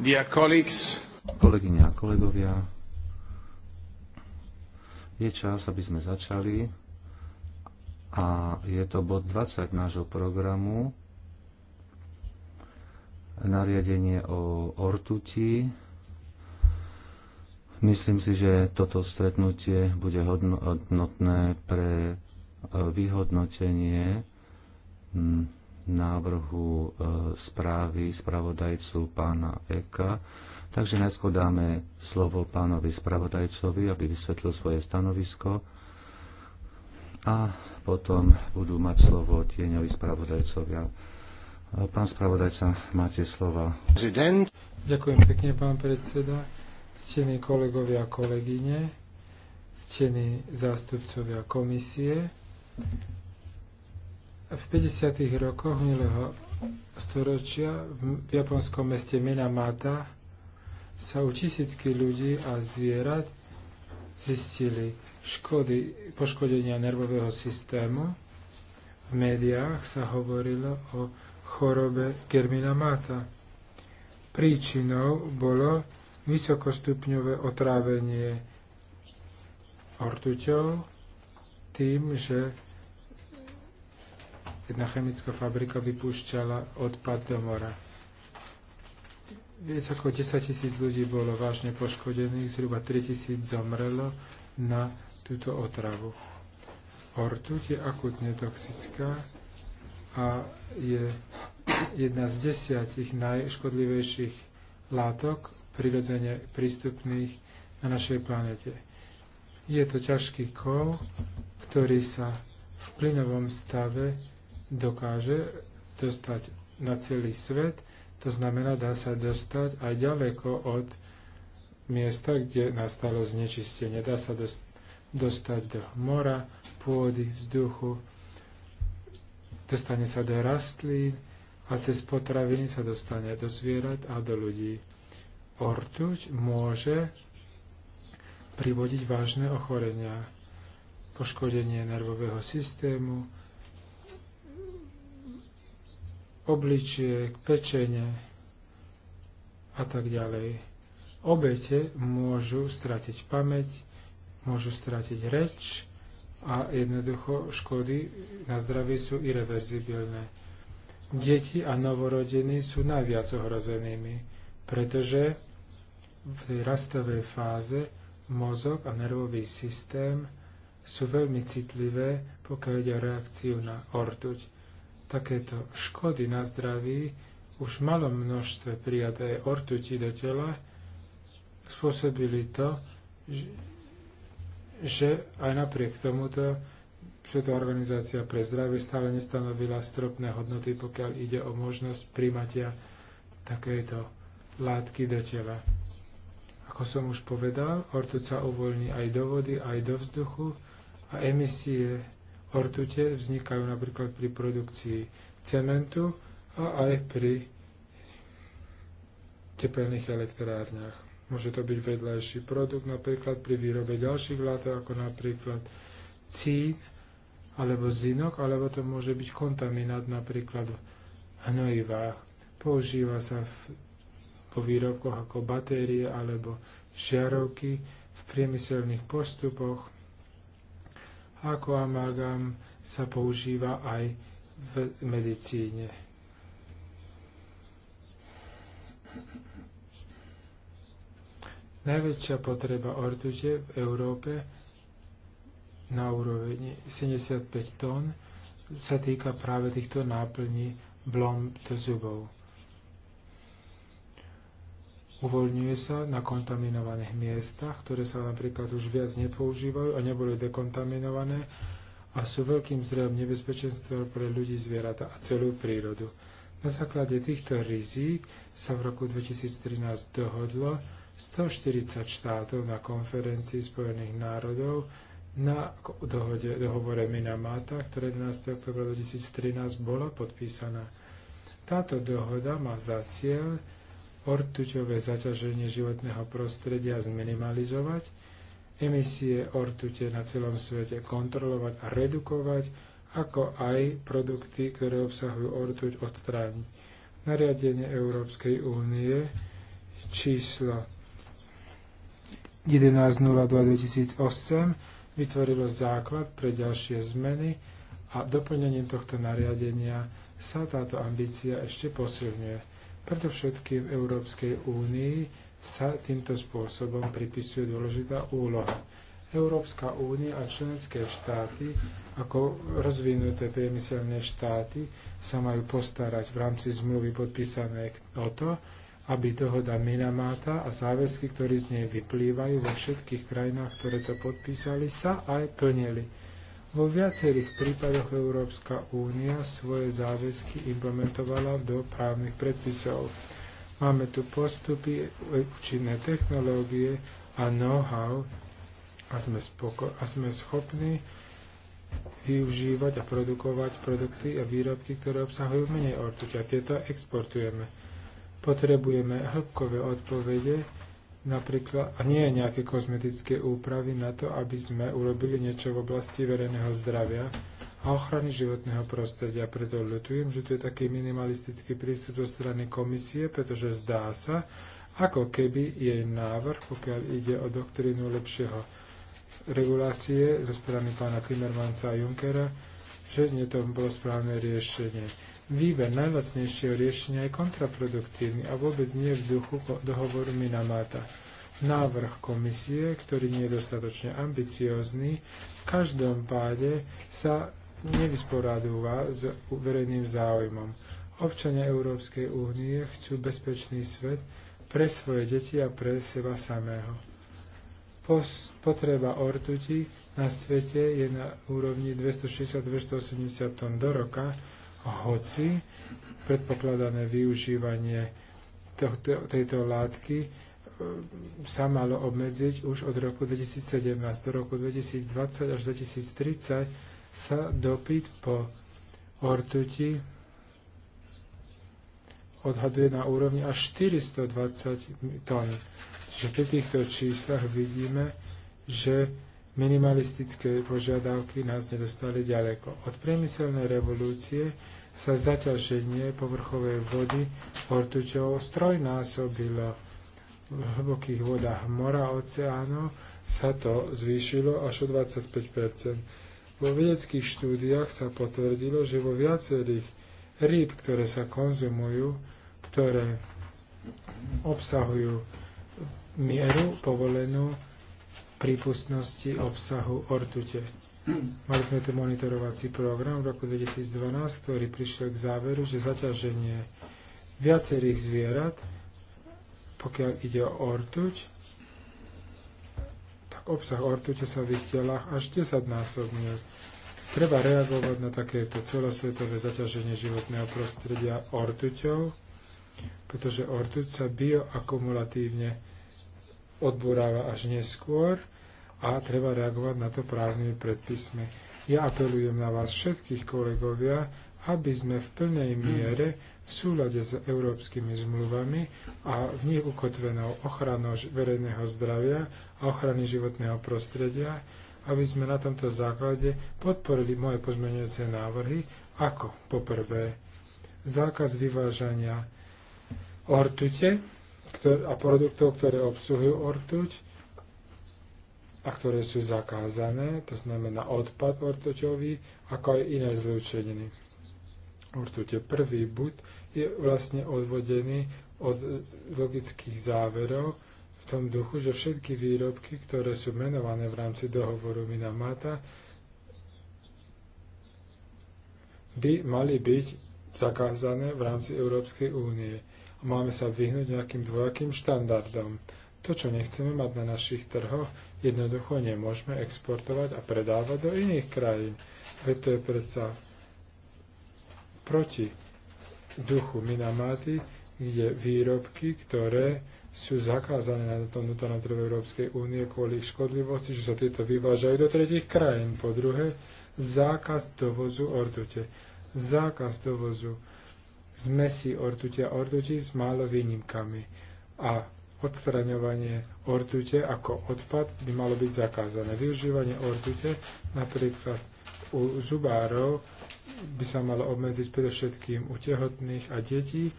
Dear colleagues, kolegyne a kolegovia, je čas, aby sme začali a je to bod 20 nášho programu, nariadenie o ortuti. Myslím si, že toto stretnutie bude hodnotné pre e, vyhodnotenie návrhu e, správy spravodajcu pána Eka. Takže najskôr dáme slovo pánovi spravodajcovi, aby vysvetlil svoje stanovisko a potom budú mať slovo tieňovi spravodajcovia. E, pán spravodajca, máte slova. Prezident. Ďakujem pekne, pán predseda, ctení kolegovia a kolegyne, ctení zástupcovia komisie. V 50. rokoch minulého storočia v japonskom meste Minamata sa u tisícky ľudí a zvierat zistili škody, poškodenia nervového systému. V médiách sa hovorilo o chorobe Germinamata. Príčinou bolo vysokostupňové otrávenie ortuťou tým, že jedna chemická fabrika vypúšťala odpad do mora. Viac ako 10 tisíc ľudí bolo vážne poškodených, zhruba 3 tisíc zomrelo na túto otravu. Ortuť je akutne toxická a je jedna z desiatich najškodlivejších látok prirodzene prístupných na našej planete. Je to ťažký kov, ktorý sa v plynovom stave dokáže dostať na celý svet, to znamená, dá sa dostať aj ďaleko od miesta, kde nastalo znečistenie. Dá sa dostať do mora, pôdy, vzduchu, dostane sa do rastlín a cez potraviny sa dostane do zvierat a do ľudí. Ortuť môže privodiť vážne ochorenia, poškodenie nervového systému, obličiek, pečenie a tak ďalej. Obete môžu stratiť pamäť, môžu stratiť reč a jednoducho škody na zdraví sú irreverzibilné. Deti a novorodení sú najviac ohrozenými, pretože v tej rastovej fáze mozog a nervový systém sú veľmi citlivé, pokiaľ ide o reakciu na ortuť takéto škody na zdraví už v malom množstve prijaté ortuti do tela spôsobili to, že aj napriek tomuto Svetová organizácia pre zdravie stále nestanovila stropné hodnoty, pokiaľ ide o možnosť príjmatia takéto látky do tela. Ako som už povedal, ortuca sa uvoľní aj do vody, aj do vzduchu a emisie Ortute vznikajú napríklad pri produkcii cementu a aj pri tepelných elektrárniach. Môže to byť vedľajší produkt napríklad pri výrobe ďalších látok, ako napríklad cín alebo zinok, alebo to môže byť kontaminát napríklad v hnojivách. Používa sa v, po výrobkoch ako batérie alebo žiarovky v priemyselných postupoch ako amalgam sa používa aj v medicíne. Najväčšia potreba ortuže v Európe na úrovni 75 tón sa týka práve týchto náplní blom do zubov uvoľňuje sa na kontaminovaných miestach, ktoré sa napríklad už viac nepoužívajú a neboli dekontaminované a sú veľkým zdrojom nebezpečenstva pre ľudí, zvieratá a celú prírodu. Na základe týchto rizík sa v roku 2013 dohodlo 140 štátov na konferencii Spojených národov na dohode, dohovore Minamata, ktoré 11. oktobra 2013 bola podpísaná. Táto dohoda má za cieľ ortuťové zaťaženie životného prostredia zminimalizovať, emisie ortute na celom svete kontrolovať a redukovať, ako aj produkty, ktoré obsahujú ortuť, odstrániť. Nariadenie Európskej únie číslo 11.02.2008 vytvorilo základ pre ďalšie zmeny a doplnením tohto nariadenia sa táto ambícia ešte posilňuje. Predovšetkým v Európskej únii sa týmto spôsobom pripisuje dôležitá úloha. Európska únia a členské štáty ako rozvinuté priemyselné štáty sa majú postarať v rámci zmluvy podpísané o to, aby dohoda Minamata a záväzky, ktoré z nej vyplývajú vo všetkých krajinách, ktoré to podpísali, sa aj plnili. Vo viacerých prípadoch Európska únia svoje záväzky implementovala do právnych predpisov. Máme tu postupy, účinné technológie a know-how a sme, spoko- a sme schopní využívať a produkovať produkty a výrobky, ktoré obsahujú menej ortuť a tieto exportujeme. Potrebujeme hĺbkové odpovede napríklad, a nie je nejaké kozmetické úpravy na to, aby sme urobili niečo v oblasti verejného zdravia a ochrany životného prostredia. Preto ľutujem, že to je taký minimalistický prístup zo strany komisie, pretože zdá sa, ako keby jej návrh, pokiaľ ide o doktrínu lepšieho regulácie zo strany pána Timmermansa a Junckera, že nie to bolo správne riešenie výber najlacnejšieho riešenia je kontraproduktívny a vôbec nie v duchu dohovoru Minamata. Návrh komisie, ktorý nie je dostatočne ambiciózny, v každom páde sa nevysporadúva s verejným záujmom. Občania Európskej únie chcú bezpečný svet pre svoje deti a pre seba samého. Potreba ortuti na svete je na úrovni 260-280 tón do roka, hoci predpokladané využívanie tohto, tejto látky e, sa malo obmedziť už od roku 2017 do roku 2020 až 2030 sa dopyt po ortuti odhaduje na úrovni až 420 tón. Čiže pri týchto číslach vidíme, že minimalistické požiadavky nás nedostali ďaleko. Od priemyselnej revolúcie sa zaťaženie povrchovej vody ortuťou strojnásobilo. V hlbokých vodách mora a oceánov sa to zvýšilo až o 25 Vo vedeckých štúdiách sa potvrdilo, že vo viacerých rýb, ktoré sa konzumujú, ktoré obsahujú mieru povolenú prípustnosti obsahu ortute. Mali sme tu monitorovací program v roku 2012, ktorý prišiel k záveru, že zaťaženie viacerých zvierat, pokiaľ ide o ortuť, tak obsah ortuťa sa v ich telách až 10 násobne. Treba reagovať na takéto celosvetové zaťaženie životného prostredia ortuťou, pretože ortuť sa bioakumulatívne odburáva až neskôr a treba reagovať na to právnymi predpismi. Ja apelujem na vás všetkých kolegovia, aby sme v plnej miere v súlade s európskymi zmluvami a v nich ukotvenou ochranou verejného zdravia a ochrany životného prostredia, aby sme na tomto základe podporili moje pozmeňujúce návrhy, ako poprvé zákaz vyvážania ortute a produktov, ktoré obsluhujú ortuť, a ktoré sú zakázané, to znamená odpad ortuťový, ako aj iné zlúčeniny. Ortuť prvý bud, je vlastne odvodený od logických záverov v tom duchu, že všetky výrobky, ktoré sú menované v rámci dohovoru Minamata, by mali byť zakázané v rámci Európskej únie. máme sa vyhnúť nejakým dvojakým štandardom. To, čo nechceme mať na našich trhoch, jednoducho nemôžeme exportovať a predávať do iných krajín. Veď to je predsa proti duchu Minamáty, kde výrobky, ktoré sú zakázané na tom vnútornom trhu Európskej únie kvôli ich škodlivosti, že sa tieto vyvážajú do tretich krajín. Po druhé, zákaz dovozu ordute. Zákaz dovozu zmesí ortutia ortuti s málo výnimkami. A odstraňovanie ortute ako odpad by malo byť zakázané. Využívanie ortute napríklad u zubárov by sa malo obmedziť predovšetkým u tehotných a detí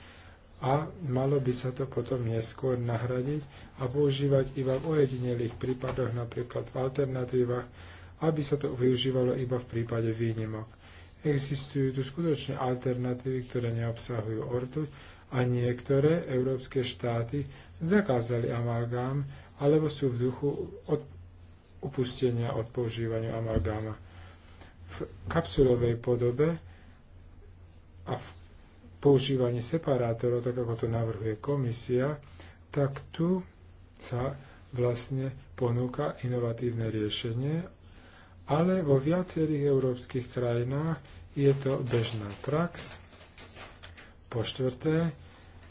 a malo by sa to potom neskôr nahradiť a používať iba v ojedinelých prípadoch, napríklad v alternatívach, aby sa to využívalo iba v prípade výnimok. Existujú tu skutočne alternatívy, ktoré neobsahujú ortuť, a niektoré európske štáty zakázali amalgám alebo sú v duchu od upustenia od používania amalgáma. V kapsulovej podobe a v používaní separátorov, tak ako to navrhuje komisia, tak tu sa vlastne ponúka inovatívne riešenie, ale vo viacerých európskych krajinách je to bežná prax po štvrté,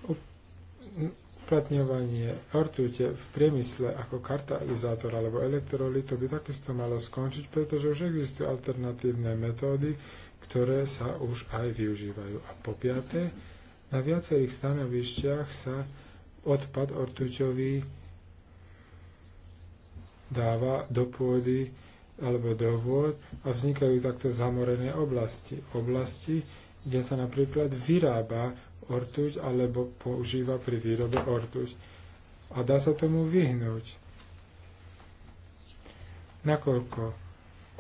uplatňovanie ortúte v priemysle ako katalizátor alebo to by takisto malo skončiť, pretože už existujú alternatívne metódy, ktoré sa už aj využívajú. A po piaté, na viacerých stanovišťach sa odpad ortuťový dáva do pôdy alebo do vôd a vznikajú takto zamorené oblasti. Oblasti, kde sa napríklad vyrába ortuť alebo používa pri výrobe ortuť. A dá sa tomu vyhnúť. Nakoľko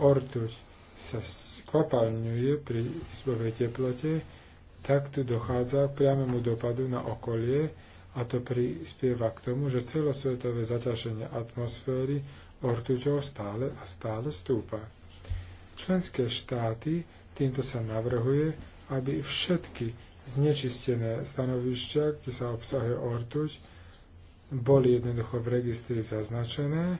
ortuť sa skvapalňuje pri izbovej teplote, tak tu dochádza k priamému dopadu na okolie a to prispieva k tomu, že celosvetové zaťaženie atmosféry ortuťou stále a stále stúpa. Členské štáty týmto sa navrhuje, aby všetky znečistené stanovišťa, kde sa obsahuje ortuť, boli jednoducho v registri zaznačené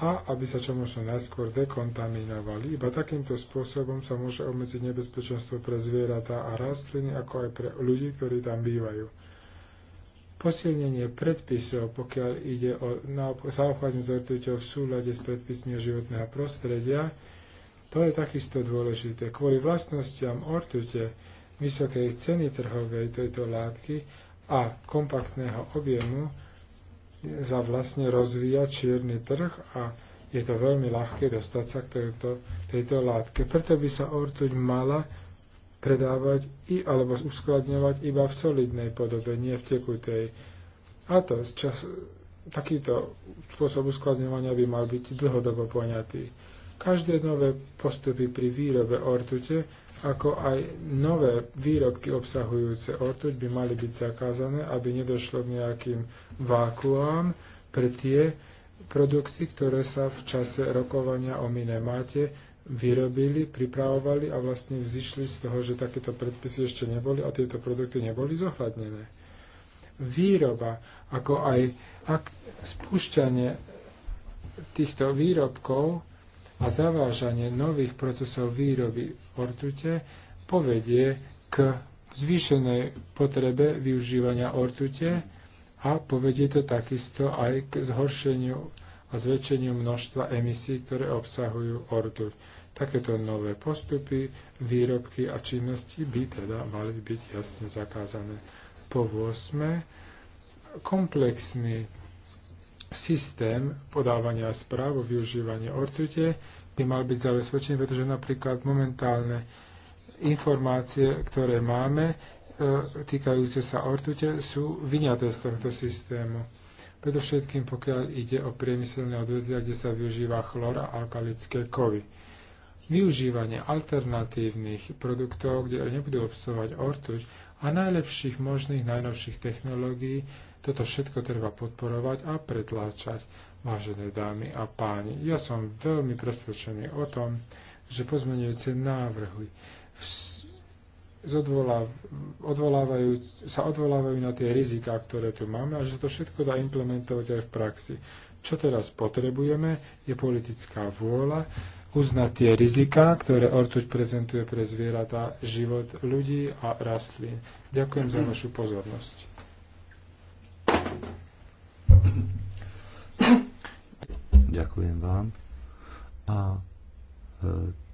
a aby sa čo možno najskôr dekontaminovali. Iba takýmto spôsobom sa môže obmedziť nebezpečenstvo pre zvieratá a rastliny, ako aj pre ľudí, ktorí tam bývajú. Posilnenie predpisov, pokiaľ ide o zaobchádzanie s ortuťou v súlade s predpismi životného prostredia, to je takisto dôležité. Kvôli vlastnostiam ortute vysokej ceny trhovej tejto látky a kompaktného objemu sa vlastne rozvíja čierny trh a je to veľmi ľahké dostať sa k tejto, tejto látke. Preto by sa ortuť mala predávať i, alebo uskladňovať iba v solidnej podobe, nie v tekutej. A to z čas, takýto spôsob uskladňovania by mal byť dlhodobo poňatý. Každé nové postupy pri výrobe ortute ako aj nové výrobky obsahujúce ortuť by mali byť zakázané, aby nedošlo k nejakým vákuám pre tie produkty, ktoré sa v čase rokovania o minemáte vyrobili, pripravovali a vlastne vzýšli z toho, že takéto predpisy ešte neboli a tieto produkty neboli zohľadnené. Výroba, ako aj ak spúšťanie týchto výrobkov a zavážanie nových procesov výroby ortute povedie k zvýšenej potrebe využívania ortute a povedie to takisto aj k zhoršeniu a zväčšeniu množstva emisí, ktoré obsahujú ortuť. Takéto nové postupy, výrobky a činnosti by teda mali byť jasne zakázané. Po 8. komplexný systém podávania správ o využívanie ortute by mal byť zabezpečený, pretože napríklad momentálne informácie, ktoré máme, e, týkajúce sa ortute, sú vyňaté z tohto systému. všetkým, pokiaľ ide o priemyselné odvetvia, kde sa využíva chlor a alkalické kovy. Využívanie alternatívnych produktov, kde nebudú obsahovať ortuť, a najlepších možných, najnovších technológií toto všetko treba podporovať a pretláčať, vážené dámy a páni. Ja som veľmi presvedčený o tom, že pozmenujúce návrhy odvolávajú, sa odvolávajú na tie riziká, ktoré tu máme a že to všetko dá implementovať aj v praxi. Čo teraz potrebujeme, je politická vôľa uznať tie riziká, ktoré ortuť prezentuje pre zvieratá, život ľudí a rastlín. Ďakujem mm -hmm. za mhm. vašu pozornosť. Ďakujem vám. A e,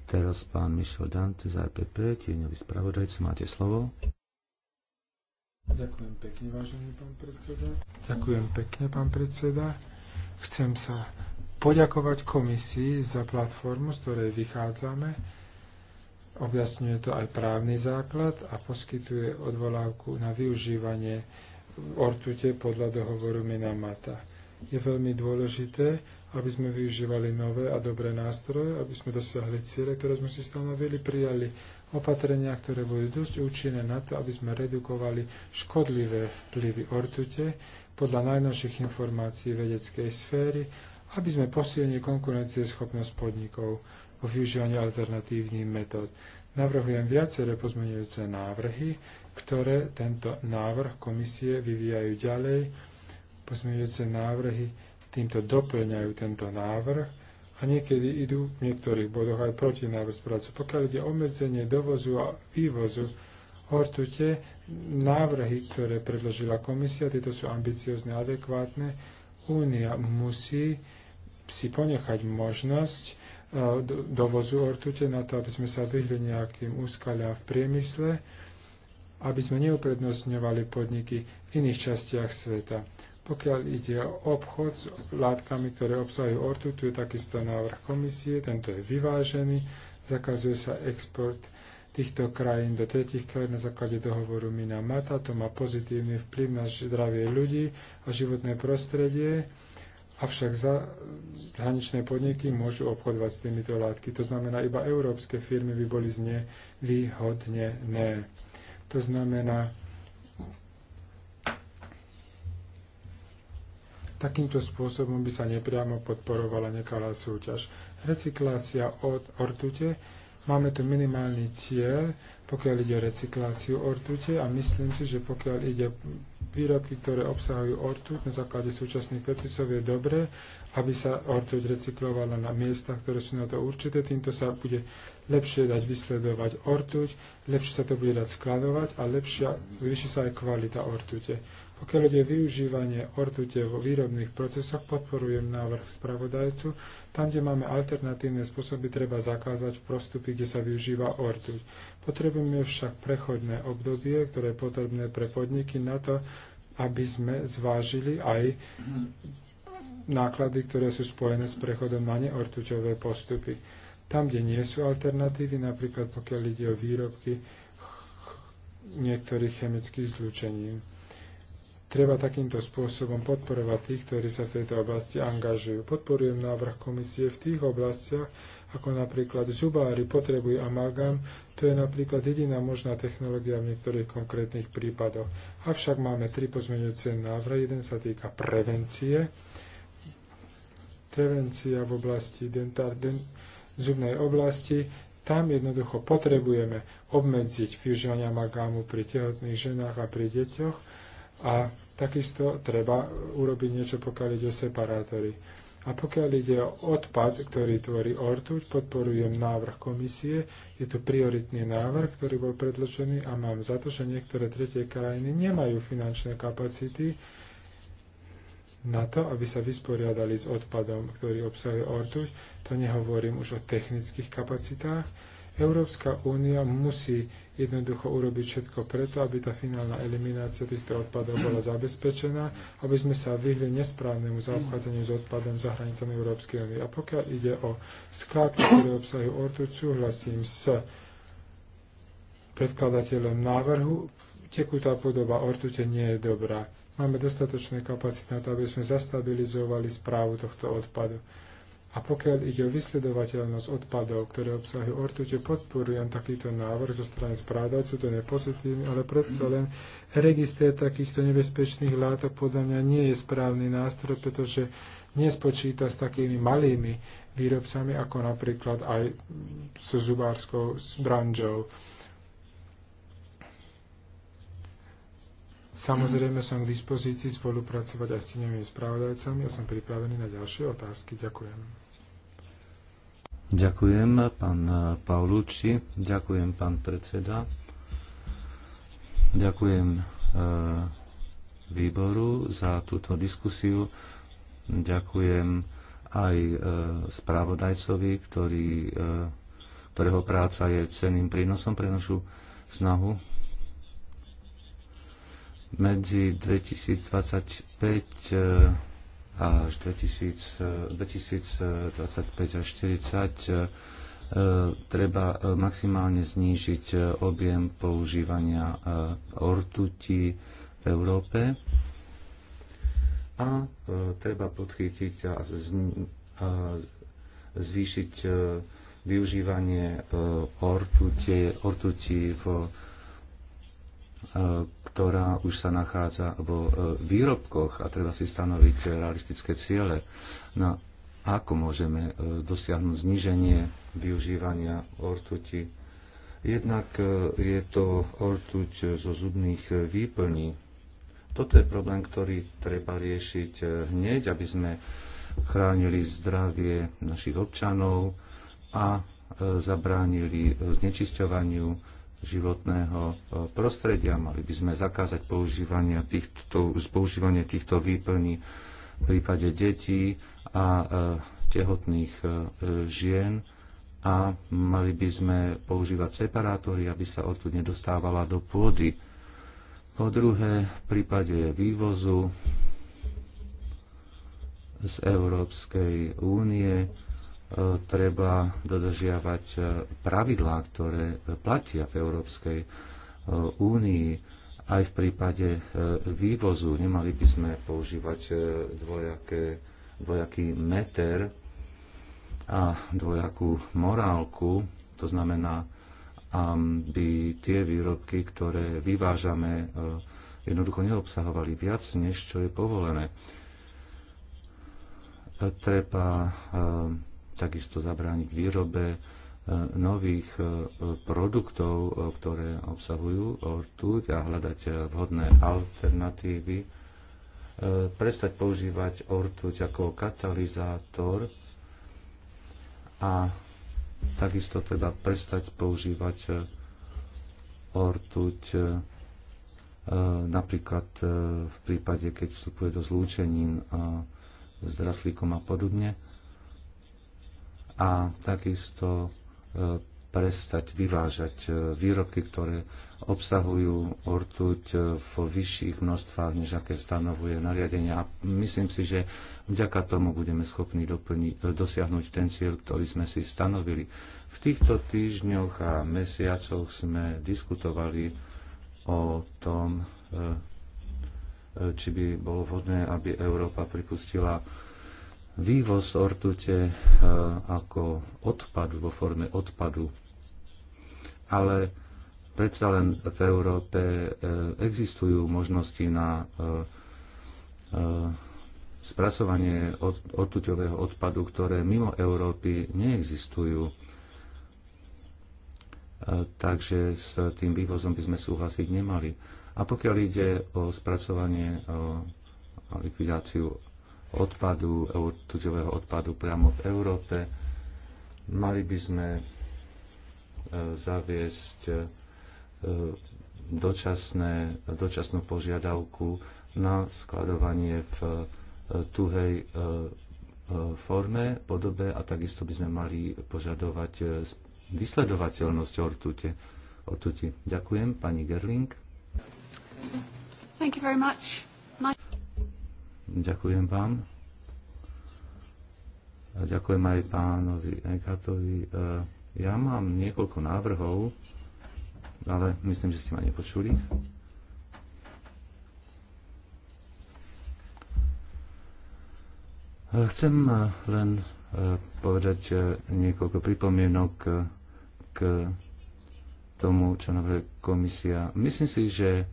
teraz pán Mišel Dante z RPP, e tieňový spravodajca, máte slovo. Ďakujem pekne, vážený pán predseda. Ďakujem pekne, pán predseda. Chcem sa poďakovať komisii za platformu, z ktorej vychádzame. Objasňuje to aj právny základ a poskytuje odvolávku na využívanie ortute podľa dohovoru Minamata. Je veľmi dôležité, aby sme využívali nové a dobré nástroje, aby sme dosiahli ciele, ktoré sme si stanovili, prijali opatrenia, ktoré budú dosť účinné na to, aby sme redukovali škodlivé vplyvy ortute podľa najnovších informácií vedeckej sféry, aby sme posilnili schopnosť podnikov o využívaní alternatívnych metód. Navrhujem viaceré pozmeňujúce návrhy, ktoré tento návrh komisie vyvíjajú ďalej. Pozmeňujúce návrhy týmto doplňajú tento návrh a niekedy idú v niektorých bodoch aj proti návrh správcu. Pokiaľ ide obmedzenie dovozu a vývozu hortute, návrhy, ktoré predložila komisia, tieto sú ambiciozne, adekvátne. Únia musí si ponechať možnosť e, dovozu ortute na to, aby sme sa vyhli nejakým úskalia v priemysle aby sme neuprednostňovali podniky v iných častiach sveta. Pokiaľ ide o obchod s látkami, ktoré obsahujú ortu, tu je takisto návrh komisie, tento je vyvážený, zakazuje sa export týchto krajín do tretich krajín na základe dohovoru Mina Mata. To má pozitívny vplyv na zdravie ľudí a životné prostredie, avšak za hraničné podniky môžu obchodovať s týmito látky. To znamená, iba európske firmy by boli znevýhodnené. To znamená, takýmto spôsobom by sa nepriamo podporovala nekalá súťaž. Recyklácia od ortute. Máme tu minimálny cieľ, pokiaľ ide o recykláciu ortute a myslím si, že pokiaľ ide výrobky, ktoré obsahujú ortut na základe súčasných predpisov je dobré, aby sa ortut recyklovala na miestach, ktoré sú na to určité. Týmto sa bude lepšie dať vysledovať ortuť, lepšie sa to bude dať skladovať a lepšia, zvýši sa aj kvalita ortute. Pokiaľ ide využívanie ortute vo výrobných procesoch, podporujem návrh spravodajcu. Tam, kde máme alternatívne spôsoby, treba zakázať prostupy, kde sa využíva ortuť. Potrebujeme však prechodné obdobie, ktoré je potrebné pre podniky na to, aby sme zvážili aj náklady, ktoré sú spojené s prechodom na neortuťové postupy. Tam, kde nie sú alternatívy, napríklad pokiaľ ide o výrobky niektorých chemických zlúčení. Treba takýmto spôsobom podporovať tých, ktorí sa v tejto oblasti angažujú. Podporujem návrh komisie v tých oblastiach, ako napríklad zubári potrebujú amalgám, to je napríklad jediná možná technológia v niektorých konkrétnych prípadoch. Avšak máme tri pozmeňujúce návrhy. Jeden sa týka prevencie, prevencia v oblasti dentár, dent, zubnej oblasti, tam jednoducho potrebujeme obmedziť využívanie amalgámu pri tehotných ženách a pri deťoch a takisto treba urobiť niečo, pokiaľ ide o separátory. A pokiaľ ide o odpad, ktorý tvorí ortuť, podporujem návrh komisie. Je tu prioritný návrh, ktorý bol predložený a mám za to, že niektoré tretie krajiny nemajú finančné kapacity, na to, aby sa vysporiadali s odpadom, ktorý obsahuje ortuť. To nehovorím už o technických kapacitách. Európska únia musí jednoducho urobiť všetko preto, aby tá finálna eliminácia týchto odpadov bola zabezpečená, aby sme sa vyhli nesprávnemu zaobchádzaniu s odpadom za hranicami Európskej únie. A pokiaľ ide o skládky, ktoré obsahujú ortuť, súhlasím s predkladateľom návrhu, tekutá podoba ortute nie je dobrá máme dostatočné kapacity na to, aby sme zastabilizovali správu tohto odpadu. A pokiaľ ide o vysledovateľnosť odpadov, ktoré obsahujú ortute, podporujem takýto návrh zo strany správdavcu, to je pozitívne, ale predsa len register takýchto nebezpečných látok podľa mňa nie je správny nástroj, pretože nespočíta s takými malými výrobcami, ako napríklad aj so zubárskou branžou. Samozrejme som k dispozícii spolupracovať aj s tieňovými správodajcami a som pripravený na ďalšie otázky. Ďakujem. Ďakujem, pán Paulucci. Ďakujem, pán predseda. Ďakujem e, výboru za túto diskusiu. Ďakujem aj e, správodajcovi, ktorý, e, ktorého práca je cenným prínosom pre našu snahu medzi 2025 eh, až 2000, 2025 eh, až 40 eh, treba maximálne znížiť objem používania ortuti v Európe a treba podchytiť a, zvýšiť využívanie ortuti v E, ktorá už sa nachádza vo e, výrobkoch a treba si stanoviť realistické ciele na no, ako môžeme e, dosiahnuť zníženie využívania ortuti. Jednak je to ortuť zo zubných výplní. Toto je problém, ktorý treba riešiť hneď, aby sme chránili zdravie našich občanov a zabránili znečisťovaniu životného e, prostredia. Mali by sme zakázať používania týchto, používanie týchto výplní v prípade detí a e, tehotných e, žien a mali by sme používať separátory, aby sa odtud nedostávala do pôdy. Po druhé, v prípade vývozu z Európskej únie treba dodržiavať e, pravidlá, ktoré platia v Európskej e, únii aj v prípade e, vývozu. Nemali by sme používať dvojaké, dvojaký meter a dvojakú morálku, to znamená, aby tie výrobky, ktoré vyvážame, jednoducho neobsahovali viac, než čo je povolené. Treba takisto zabrániť výrobe e, nových e, produktov, e, ktoré obsahujú ortuť a hľadať vhodné alternatívy, prestať používať ortuť ako katalizátor a takisto treba prestať používať ortuť napríklad v prípade, keď vstupuje do zlúčenín s draslíkom a podobne a takisto e, prestať vyvážať e, výrobky, ktoré obsahujú ortuť e, v vyšších množstvách, než aké stanovuje nariadenie. A myslím si, že vďaka tomu budeme schopní doplni- dosiahnuť ten cieľ, ktorý sme si stanovili. V týchto týždňoch a mesiacoch sme diskutovali o tom, či by bolo vhodné, aby Európa pripustila vývoz ortute e, ako odpad vo forme odpadu. Ale predsa len v Európe e, existujú možnosti na e, spracovanie ortuťového odpadu, ktoré mimo Európy neexistujú. Takže s tým vývozom by sme súhlasiť nemali. A pokiaľ ide o spracovanie a likvidáciu odpadu, tuťového odpadu priamo v Európe. Mali by sme e, zaviesť e, dočasné, dočasnú požiadavku na skladovanie v e, tuhej forme, podobe a takisto by sme mali požadovať vysledovateľnosť ortute. ortuti. Ďakujem, pani Gerling. Thank you very much. Ďakujem vám. A ďakujem aj pánovi Ekatovi. E, ja mám niekoľko návrhov, ale myslím, že ste ma nepočuli. E, chcem e, len povedať niekoľko pripomienok k tomu, čo navrhuje komisia. Myslím si, že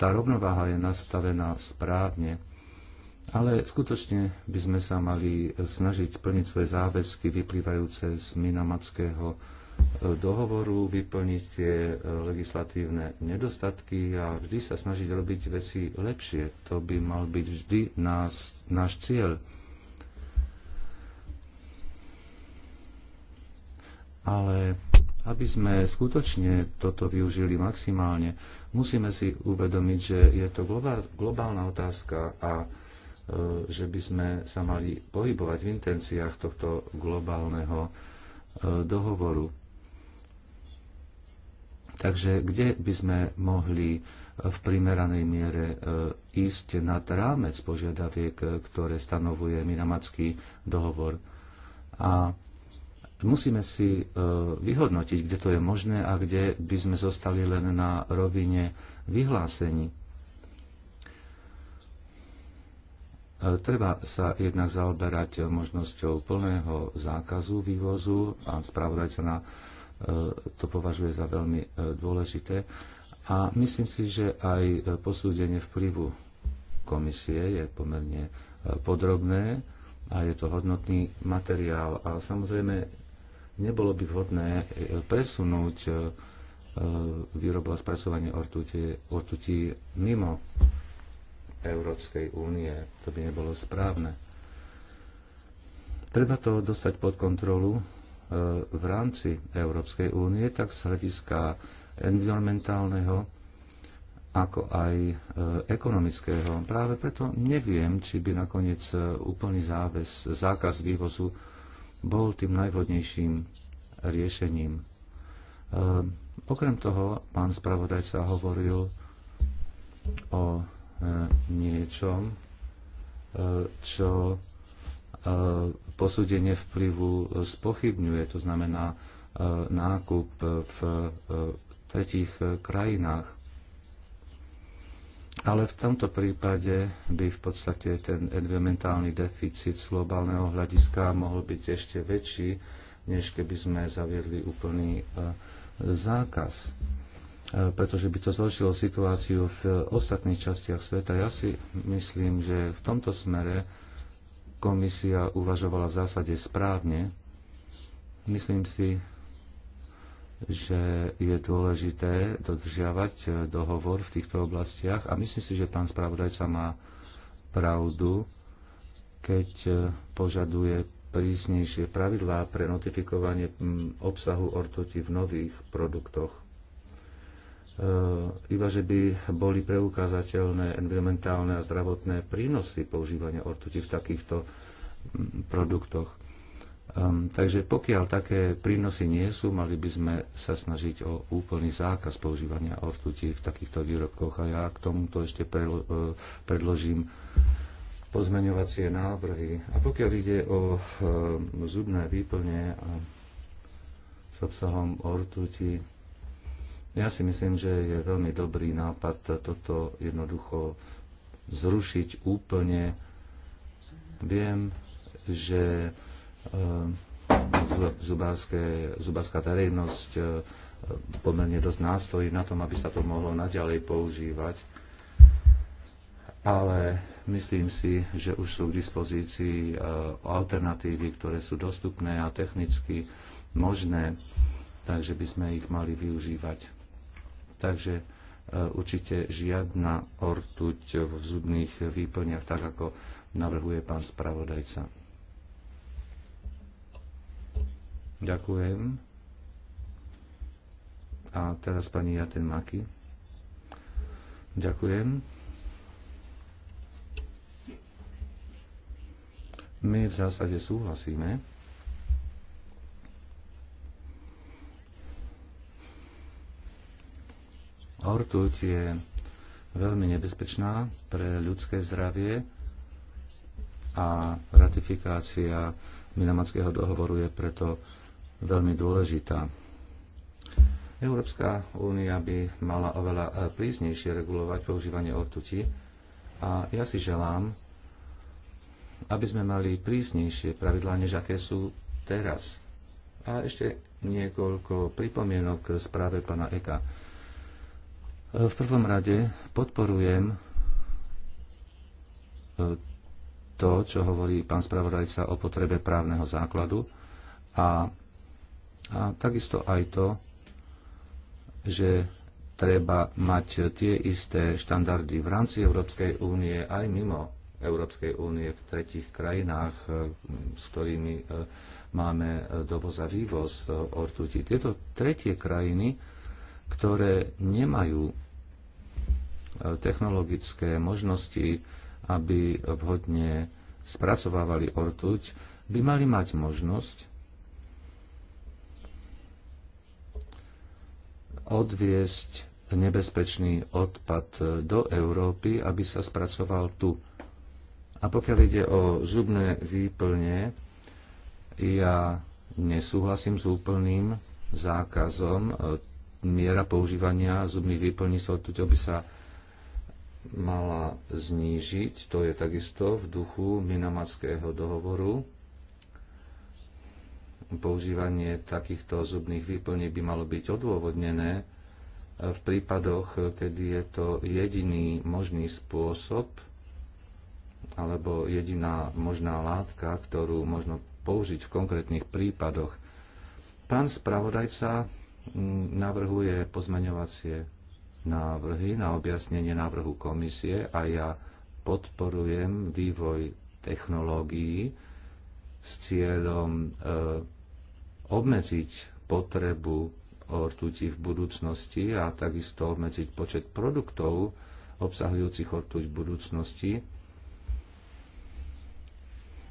tá rovnováha je nastavená správne. Ale skutočne by sme sa mali snažiť plniť svoje záväzky vyplývajúce z Minamackého e, dohovoru, vyplniť tie e, legislatívne nedostatky a vždy sa snažiť robiť veci lepšie. To by mal byť vždy nás, náš cieľ. Ale aby sme skutočne toto využili maximálne, musíme si uvedomiť, že je to globálna otázka a E, že by sme sa mali pohybovať v intenciách tohto globálneho e, dohovoru. Takže kde by sme mohli v primeranej miere e, ísť nad rámec požiadaviek, ktoré stanovuje Minamatský dohovor. A musíme si vyhodnotiť, kde to je možné a kde by sme zostali len na rovine vyhlásení. E, treba sa jednak zaoberať možnosťou plného zákazu vývozu a spravodajca na e, to považuje za veľmi e, dôležité. A myslím si, že aj posúdenie vplyvu komisie je pomerne podrobné a je to hodnotný materiál. A samozrejme, nebolo by vhodné presunúť výrobu a spracovanie ortuti, ortuti mimo Európskej únie. To by nebolo správne. Treba to dostať pod kontrolu e, v rámci Európskej únie, tak z hľadiska environmentálneho, ako aj e, ekonomického. Práve preto neviem, či by nakoniec e, úplný záväz, zákaz vývozu bol tým najvhodnejším riešením. Okrem toho, pán spravodajca hovoril o E, niečom, e, čo e, posúdenie vplyvu spochybňuje, to znamená nákup v tretích krajinách. Ale v tomto prípade by v podstate ten environmentálny deficit z globálneho hľadiska mohol byť ešte väčší, než keby sme zaviedli úplný zákaz. E, pretože by to zhoršilo situáciu v ostatných častiach sveta. Ja si myslím, že v tomto smere komisia uvažovala v zásade správne. Myslím si, že je dôležité dodržiavať e, dohovor v týchto oblastiach a myslím si, že pán spravodajca má pravdu, keď e, požaduje prísnejšie pravidlá pre notifikovanie obsahu ortoti v nových produktoch E, iba že by boli preukázateľné environmentálne a zdravotné prínosy používania ortuti v takýchto produktoch. Um, takže pokiaľ také prínosy nie sú, mali by sme sa snažiť o úplný zákaz používania ortuti v takýchto výrobkoch a ja k tomuto ešte prelo, e, predložím pozmeňovacie návrhy. A pokiaľ ide o e, zubné výplne a s obsahom ortuti, ja si myslím, že je veľmi dobrý nápad toto jednoducho zrušiť úplne. Viem, že eh, zubárske, zubárska verejnosť eh, pomerne dosť nástojí na tom, aby sa to mohlo naďalej používať. Ale myslím si, že už sú k dispozícii eh, alternatívy, ktoré sú dostupné a technicky možné, takže by sme ich mali využívať. Takže e, určite žiadna ortuť v zubných výplniach, tak ako navrhuje pán spravodajca. Ďakujem. A teraz pani Jaten Maki. Ďakujem. My v zásade súhlasíme Hortúc je veľmi nebezpečná pre ľudské zdravie a ratifikácia Minamatského dohovoru je preto veľmi dôležitá. Európska únia by mala oveľa e, prísnejšie regulovať používanie ortuti a ja si želám, aby sme mali prísnejšie pravidlá, než aké sú teraz. A ešte niekoľko pripomienok k správe pána Eka. V prvom rade podporujem e, to, čo hovorí pán spravodajca o potrebe právneho základu a, a takisto aj to, že treba mať tie isté štandardy v rámci Európskej únie aj mimo Európskej únie v tretich krajinách, e, s ktorými e, máme dovoz a vývoz ortuti. Tieto tretie krajiny ktoré nemajú e, technologické možnosti, aby vhodne spracovávali ortuť, by mali mať možnosť odviesť nebezpečný odpad do Európy, aby sa spracoval tu. A pokiaľ ide o zubné výplne, ja nesúhlasím s úplným zákazom e, miera používania zubných výplní sa odtuď by sa mala znížiť. To je takisto v duchu Minamatského dohovoru. Používanie takýchto zubných výplní by malo byť odôvodnené v prípadoch, kedy je to jediný možný spôsob alebo jediná možná látka, ktorú možno použiť v konkrétnych prípadoch. Pán spravodajca navrhuje pozmeňovacie návrhy na objasnenie návrhu komisie a ja podporujem vývoj technológií s cieľom e, obmedziť potrebu ortuti v budúcnosti a takisto obmedziť počet produktov obsahujúcich ortuť v budúcnosti.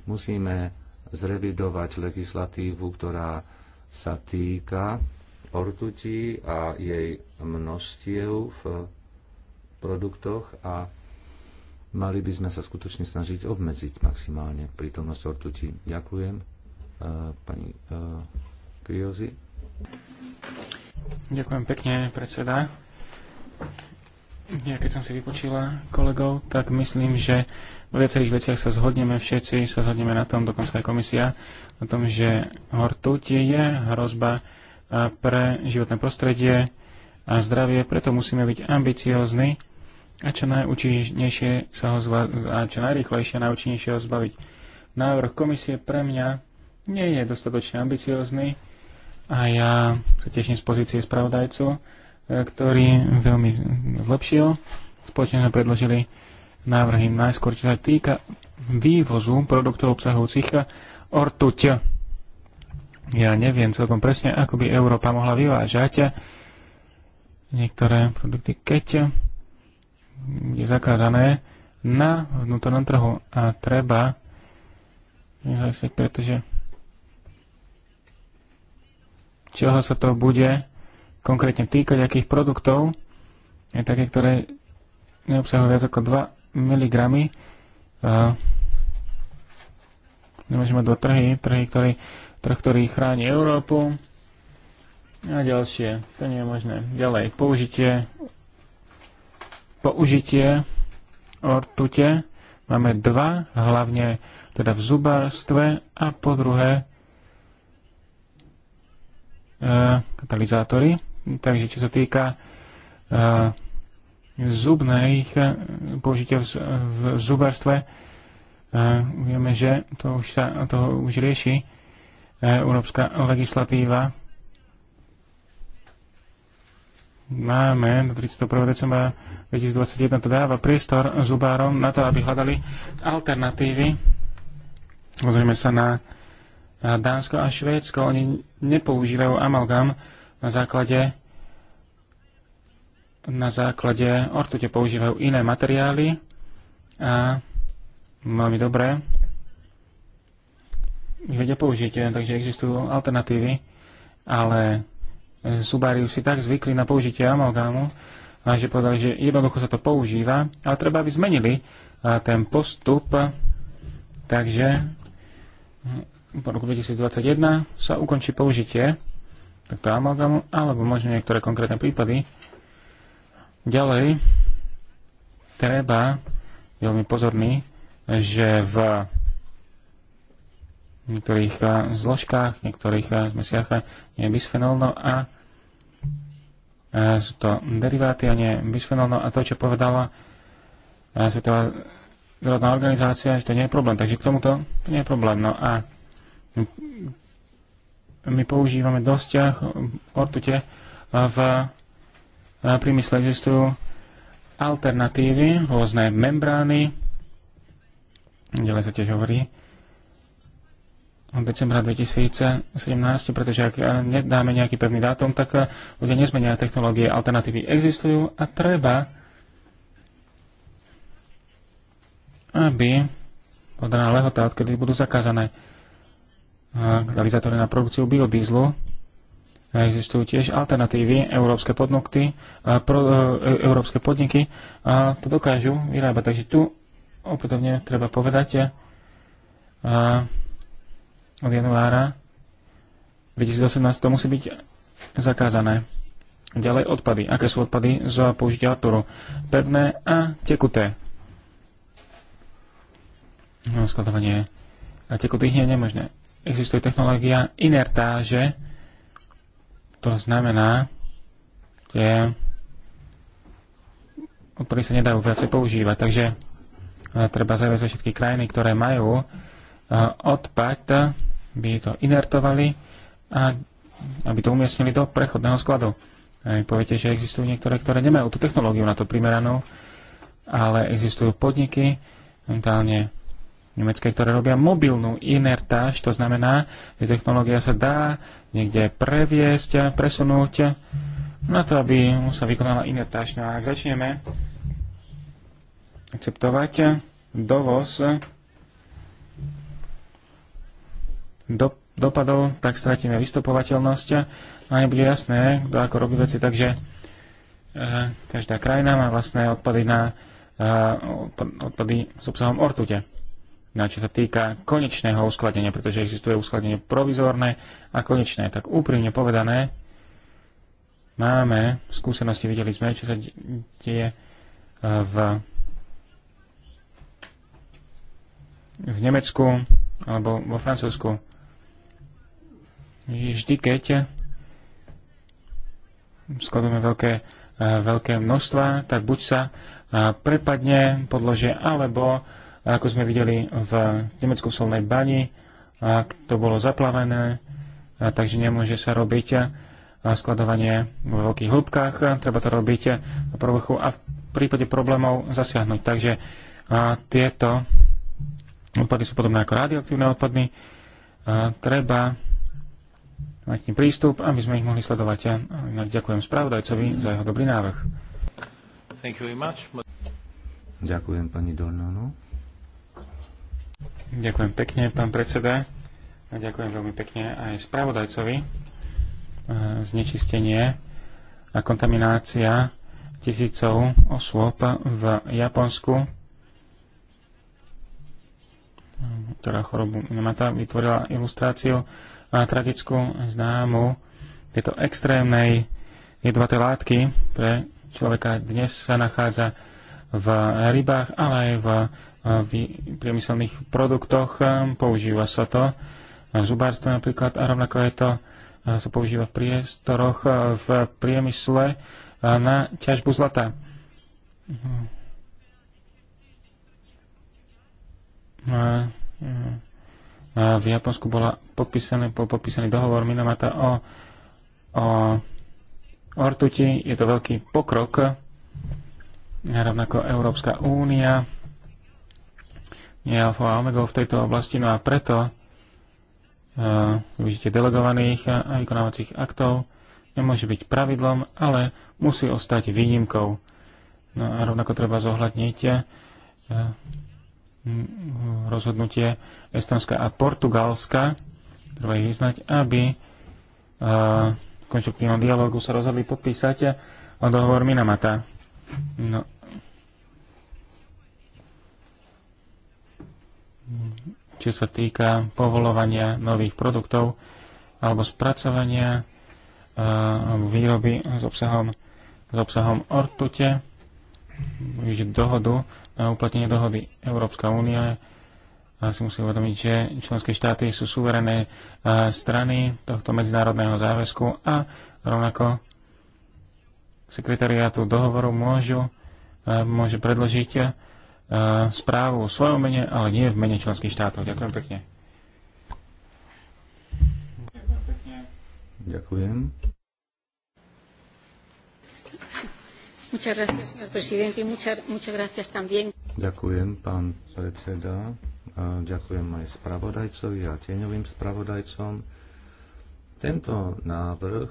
Musíme zrevidovať legislatívu, ktorá sa týka ortuti a jej množstiev v produktoch a mali by sme sa skutočne snažiť obmedziť maximálne prítomnosť ortuti. Ďakujem, e, pani e, Kriozy. Ďakujem pekne, predseda. Ja keď som si vypočila kolegov, tak myslím, že vo viacerých veciach sa zhodneme všetci, sa zhodneme na tom, dokonca aj komisia, na tom, že hortuť je hrozba pre životné prostredie a zdravie, preto musíme byť ambiciózni a čo najúčinnejšie sa ho zva- a čo najrýchlejšie a najúčinnejšie ho zbaviť. Návrh komisie pre mňa nie je dostatočne ambiciózny a ja sa teším z pozície spravodajcu, e, ktorý veľmi zlepšil. Spoločne sme predložili návrhy najskôr, čo sa týka vývozu produktov obsahujúcich ortuť. Ja neviem celkom presne, ako by Európa mohla vyvážať niektoré produkty, keď je zakázané na vnútornom trhu a treba nezajsť, pretože čoho sa to bude konkrétne týkať, akých produktov, je také, ktoré neobsahujú viac ako 2 mg. Nemôžeme dva trhy, trhy, ktoré trh, ktorý chráni Európu a ďalšie. To nie je možné. Ďalej, použitie použitie ortute máme dva, hlavne teda v zubárstve a po druhé e, katalizátory. Takže čo sa týka e, zubných e, použitia v, v zubárstve, e, vieme, že to už sa to už rieši E, európska legislatíva. Máme do 31. decembra 2021 to dáva priestor zubárom na to, aby hľadali alternatívy. Pozrieme sa na Dánsko a Švédsko. Oni nepoužívajú amalgam na základe na základe ortute používajú iné materiály a veľmi dobré vedia použiť, takže existujú alternatívy, ale Subáriu si tak zvykli na použitie amalgámu, že povedali, že jednoducho sa to používa, ale treba, aby zmenili ten postup, takže po roku 2021 sa ukončí použitie takto amalgamu, alebo možno niektoré konkrétne prípady. Ďalej, treba veľmi pozorný, že v niektorých eh, zložkách, niektorých eh, zmesiach eh, je bisfenolno a sú to deriváty a nie bisfenolno a to, čo povedala Svetová zdravotná organizácia, že to nie je problém. Takže k tomuto to nie je problém. No a my používame dosť ortute v prímysle existujú alternatívy, rôzne membrány, ďalej sa tiež hovorí, decembra 2017, pretože ak eh, nedáme nejaký pevný dátum, tak eh, ľudia nezmenia technológie, alternatívy existujú a treba, aby podaná lehota, odkedy budú zakázané eh, realizátory na produkciu biodízlu, existujú tiež alternatívy, európske podnokty, pro, e, európske podniky a to dokážu vyrábať. Takže tu opätovne treba povedať, a od januára 2018 to musí byť zakázané. Ďalej odpady. Aké sú odpady za použitia Arturu? Pevné a tekuté. No, skladovanie tekutých je nemožné. Existuje technológia inertáže, to znamená, že odpady sa nedajú viacej používať. Takže eh, treba zaviazať všetky krajiny, ktoré majú eh, odpad by to inertovali a aby to umiestnili do prechodného skladu. A poviete, že existujú niektoré, ktoré nemajú tú technológiu na to primeranú, ale existujú podniky, mentálne nemecké, ktoré robia mobilnú inertáž, to znamená, že technológia sa dá niekde previesť, presunúť na to, aby sa vykonala inertáž. No a ak začneme akceptovať dovoz do, dopadov, tak stratíme vystupovateľnosť a nebude jasné, kto ako robí veci. Takže e, každá krajina má vlastné odpady na e, odpady s obsahom ortute. Na no čo sa týka konečného uskladenia, pretože existuje uskladenie provizorné a konečné, tak úprimne povedané, máme skúsenosti, videli sme, čo sa deje e, v, v Nemecku alebo vo Francúzsku vždy keď skladujeme veľké, eh, veľké množstva, tak buď sa eh, prepadne podlože, alebo eh, ako sme videli v Nemecku Solnej bani, ak to bolo zaplavené, takže nemôže sa robiť skladovanie vo veľkých hĺbkách, treba to robiť na povrchu a v prípade problémov zasiahnuť. Takže tieto odpady sú podobné ako radioaktívne odpady. Treba mať k nim prístup, aby sme ich mohli sledovať. A inak ďakujem spravodajcovi za jeho dobrý návrh. Ďakujem pani Dornano. Ďakujem pekne, pán predseda. A ďakujem veľmi pekne aj spravodajcovi. Znečistenie a kontaminácia tisícov osôb v Japonsku, ktorá chorobu nemata, vytvorila ilustráciu tragickú známu tejto extrémnej jedvatej látky pre človeka dnes sa nachádza v rybách, ale aj v, v priemyselných produktoch. Používa sa to v zubárstve napríklad a rovnako je to sa používa v priestoroch v priemysle na ťažbu zlata. uh a, mhm v Japonsku bola podpísaný, bol podpísaný dohovor Minamata o, o, o Je to veľký pokrok. Rovnako Európska únia je alfa a omega v tejto oblasti. No a preto e, využite delegovaných a vykonávacích aktov nemôže byť pravidlom, ale musí ostať výnimkou. No a rovnako treba zohľadniť e, rozhodnutie Estonska a Portugalska, treba ich vyznať, aby v konštruktívnom dialogu sa rozhodli podpísať o dohovor Minamata. No. Čo sa týka povolovania nových produktov alebo spracovania alebo výroby s obsahom, s obsahom ortute, že dohodu, na uplatnenie dohody Európska únia a si musí uvedomiť, že členské štáty sú suverené e, strany tohto medzinárodného záväzku a rovnako sekretariátu dohovoru môžu, e, môže predložiť e, správu o svojom mene, ale nie v mene členských štátov. Ďakujem pekne. Ďakujem pekne. Ďakujem. Ďakujem, pán predseda. A ďakujem aj spravodajcovi a tieňovým spravodajcom. Tento návrh,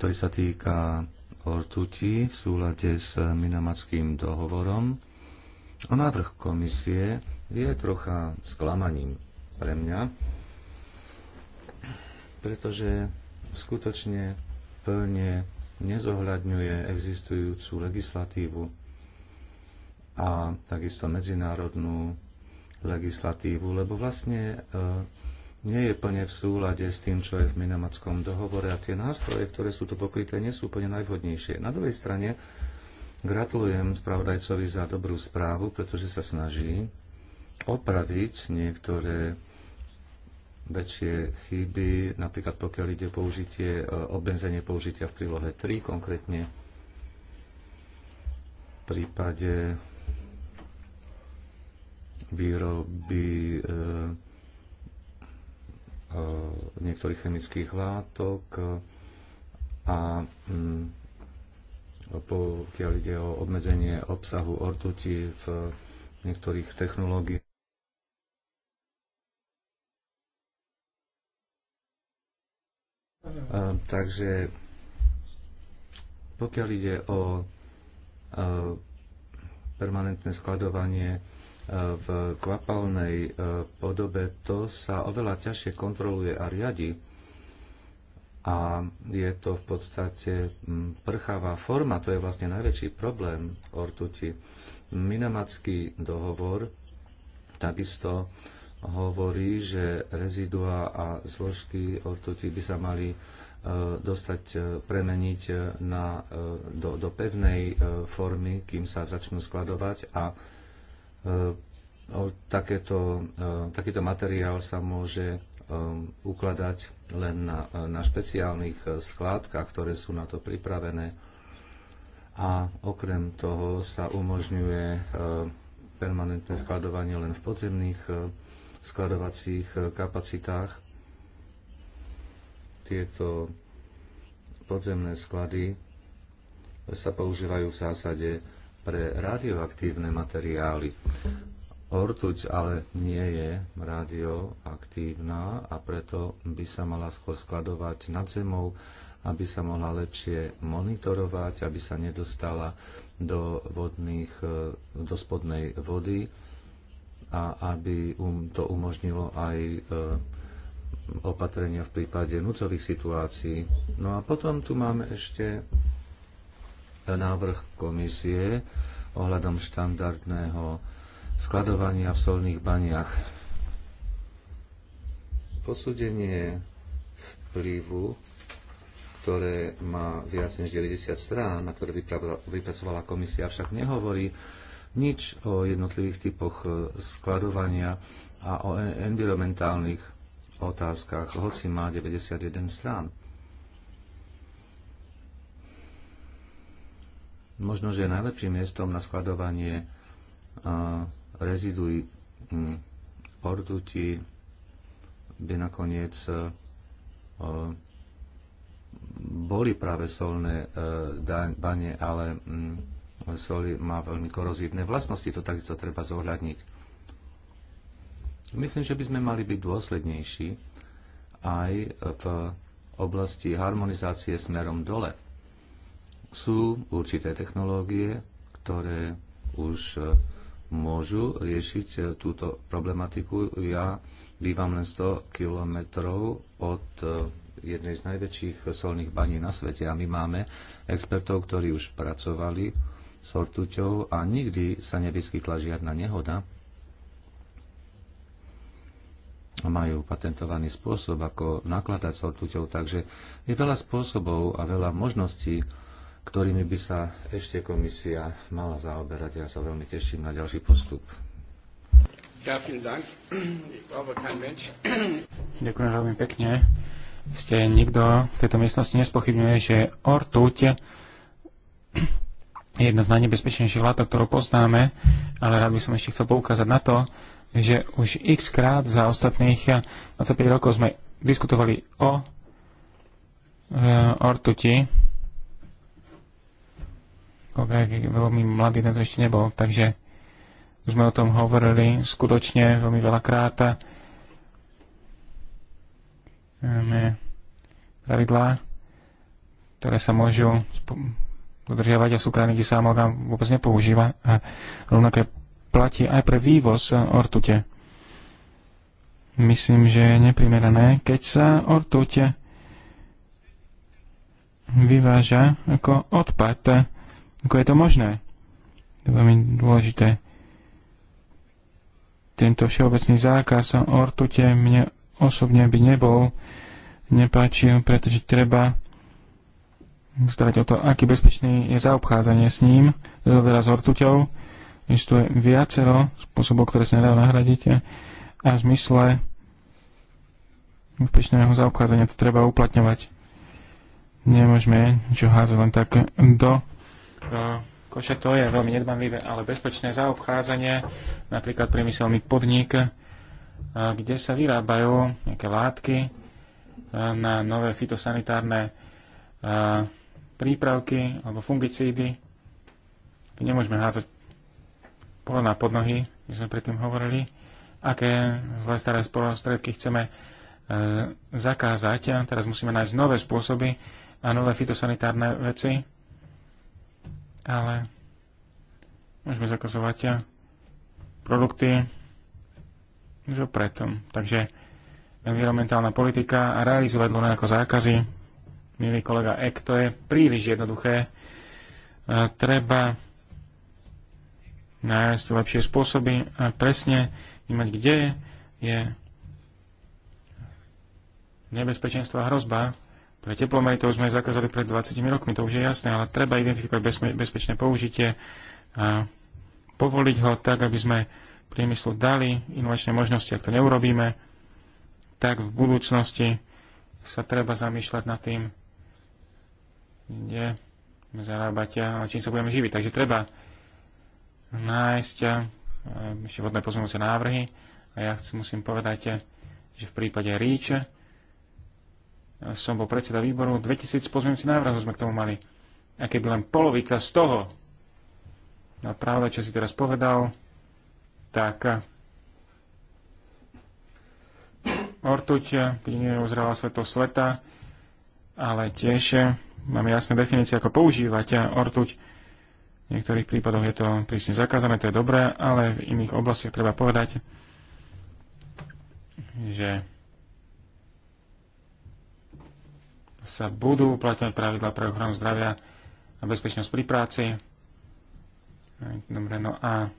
ktorý sa týka ortuti v súlade s minamackým dohovorom, o návrh komisie je trocha sklamaním pre mňa, pretože skutočne plne nezohľadňuje existujúcu legislatívu a takisto medzinárodnú legislatívu, lebo vlastne e, nie je plne v súlade s tým, čo je v Minamackom dohovore a tie nástroje, ktoré sú tu pokryté, nie sú úplne najvhodnejšie. Na druhej strane gratulujem spravodajcovi za dobrú správu, pretože sa snaží opraviť niektoré väčšie chyby, napríklad pokiaľ ide použitie, e, obmedzenie použitia v prílohe 3 konkrétne v prípade výroby e, e, niektorých chemických látok e, a mm, pokiaľ ide o obmedzenie obsahu ortuti v niektorých technológiách takže pokiaľ ide o permanentné skladovanie v kvapalnej podobe, to sa oveľa ťažšie kontroluje a riadi. A je to v podstate prchavá forma, to je vlastne najväčší problém ortuti. Minamacký dohovor takisto hovorí, že rezidua a zložky ortuti by sa mali e, dostať, e, premeniť e, na, do, do pevnej formy, kým sa začnú skladovať a takéto, takýto materiál sa môže ukladať len na, na špeciálnych skládkach, ktoré sú na to pripravené. A okrem toho sa umožňuje permanentné skladovanie len v podzemných skladovacích eh, kapacitách. Tieto podzemné sklady sa používajú v zásade pre radioaktívne materiály. Ortuť ale nie je radioaktívna a preto by sa mala skôr skladovať nad zemou, aby sa mohla lepšie monitorovať, aby sa nedostala do, vodných, eh, do spodnej vody a aby um, to umožnilo aj e, opatrenia v prípade núcových situácií. No a potom tu máme ešte eh, návrh komisie ohľadom štandardného skladovania v solných baniach. Posúdenie vplyvu, ktoré má viac než 90 strán, na ktoré vypracovala komisia, však nehovorí, nič o jednotlivých typoch e, skladovania a o e, environmentálnych otázkach, hoci má 91 strán. Možno, že najlepším miestom na skladovanie e, reziduj orduti by nakoniec boli práve solné bane, ale soli má veľmi korozívne vlastnosti, to takisto treba zohľadniť. Myslím, že by sme mali byť dôslednejší aj v oblasti harmonizácie smerom dole. Sú určité technológie, ktoré už e, môžu riešiť e, túto problematiku. Ja bývam len 100 kilometrov od e, jednej z najväčších solných baní na svete a my máme expertov, ktorí už pracovali s ortuťou a nikdy sa nevyskytla žiadna nehoda. Majú patentovaný spôsob, ako nakladať s ortuťou, takže je veľa spôsobov a veľa možností, ktorými by sa ešte komisia mala zaoberať. Ja sa veľmi teším na ďalší postup. Ja, Ďakujem veľmi pekne. Ste nikto v tejto miestnosti nespochybňuje, že ortuť jedna z najnebezpečnejších látok, ktorú poznáme, ale rád by som ešte chcel poukázať na to, že už x krát za ostatných 25 rokov sme diskutovali o e, ortuti. Veľmi mladý ten to ešte nebol, takže už sme o tom hovorili skutočne veľmi krát. Máme pravidlá, ktoré sa môžu dodržiavať a sú krajiny, kde sa amalgám vôbec nepoužíva. A rovnaké platí aj pre vývoz ortute. Myslím, že je neprimerané, keď sa ortute vyváža ako odpad. Ako je to možné? To je veľmi dôležité. Tento všeobecný zákaz ortute mne osobne by nebol nepáčil, pretože treba starať o to, aký bezpečný je zaobchádzanie s ním, teda s hortuťou. Existuje viacero spôsobov, ktoré sa nedajú nahradiť a v zmysle bezpečného zaobchádzania to treba uplatňovať. Nemôžeme čo házať len tak do e, koša, to je veľmi nedbanlivé, ale bezpečné zaobchádzanie, napríklad priemyselný podnik, e, kde sa vyrábajú nejaké látky e, na nové fitosanitárne prípravky alebo fungicídy. Nemôžeme hádzať pole na podnohy, my sme predtým hovorili, aké zlé staré prostriedky chceme e, zakázať. A teraz musíme nájsť nové spôsoby a nové fitosanitárne veci, ale môžeme zakazovať e, produkty už preto. Takže environmentálna politika a realizovať len ako zákazy milý kolega Ek, to je príliš jednoduché. E, treba nájsť lepšie spôsoby a presne vnímať, kde je nebezpečenstvo a hrozba. Pre teplomery to už sme zakázali pred 20 rokmi, to už je jasné, ale treba identifikovať bezpečné použitie a povoliť ho tak, aby sme priemyslu dali inovačné možnosti. Ak to neurobíme, tak v budúcnosti sa treba zamýšľať nad tým, kde zarábať a čím sa budeme živiť. Takže treba nájsť eh, ešte vodné pozmeňujúce návrhy a ja chcem, musím povedať, eh, že v prípade ríče eh, som bol predseda výboru, 2000 pozmeňujúcich návrhov sme k tomu mali. A keby len polovica z toho, a pravda, čo si teraz povedal, tak ortuť, keď uzrela sveto sveta, ale tiež máme jasné definície, ako používať ortuť. V niektorých prípadoch je to prísne zakázané, to je dobré, ale v iných oblastiach treba povedať, že sa budú uplatňovať pravidla pre ochranu zdravia a bezpečnosť pri práci. Dobre, no a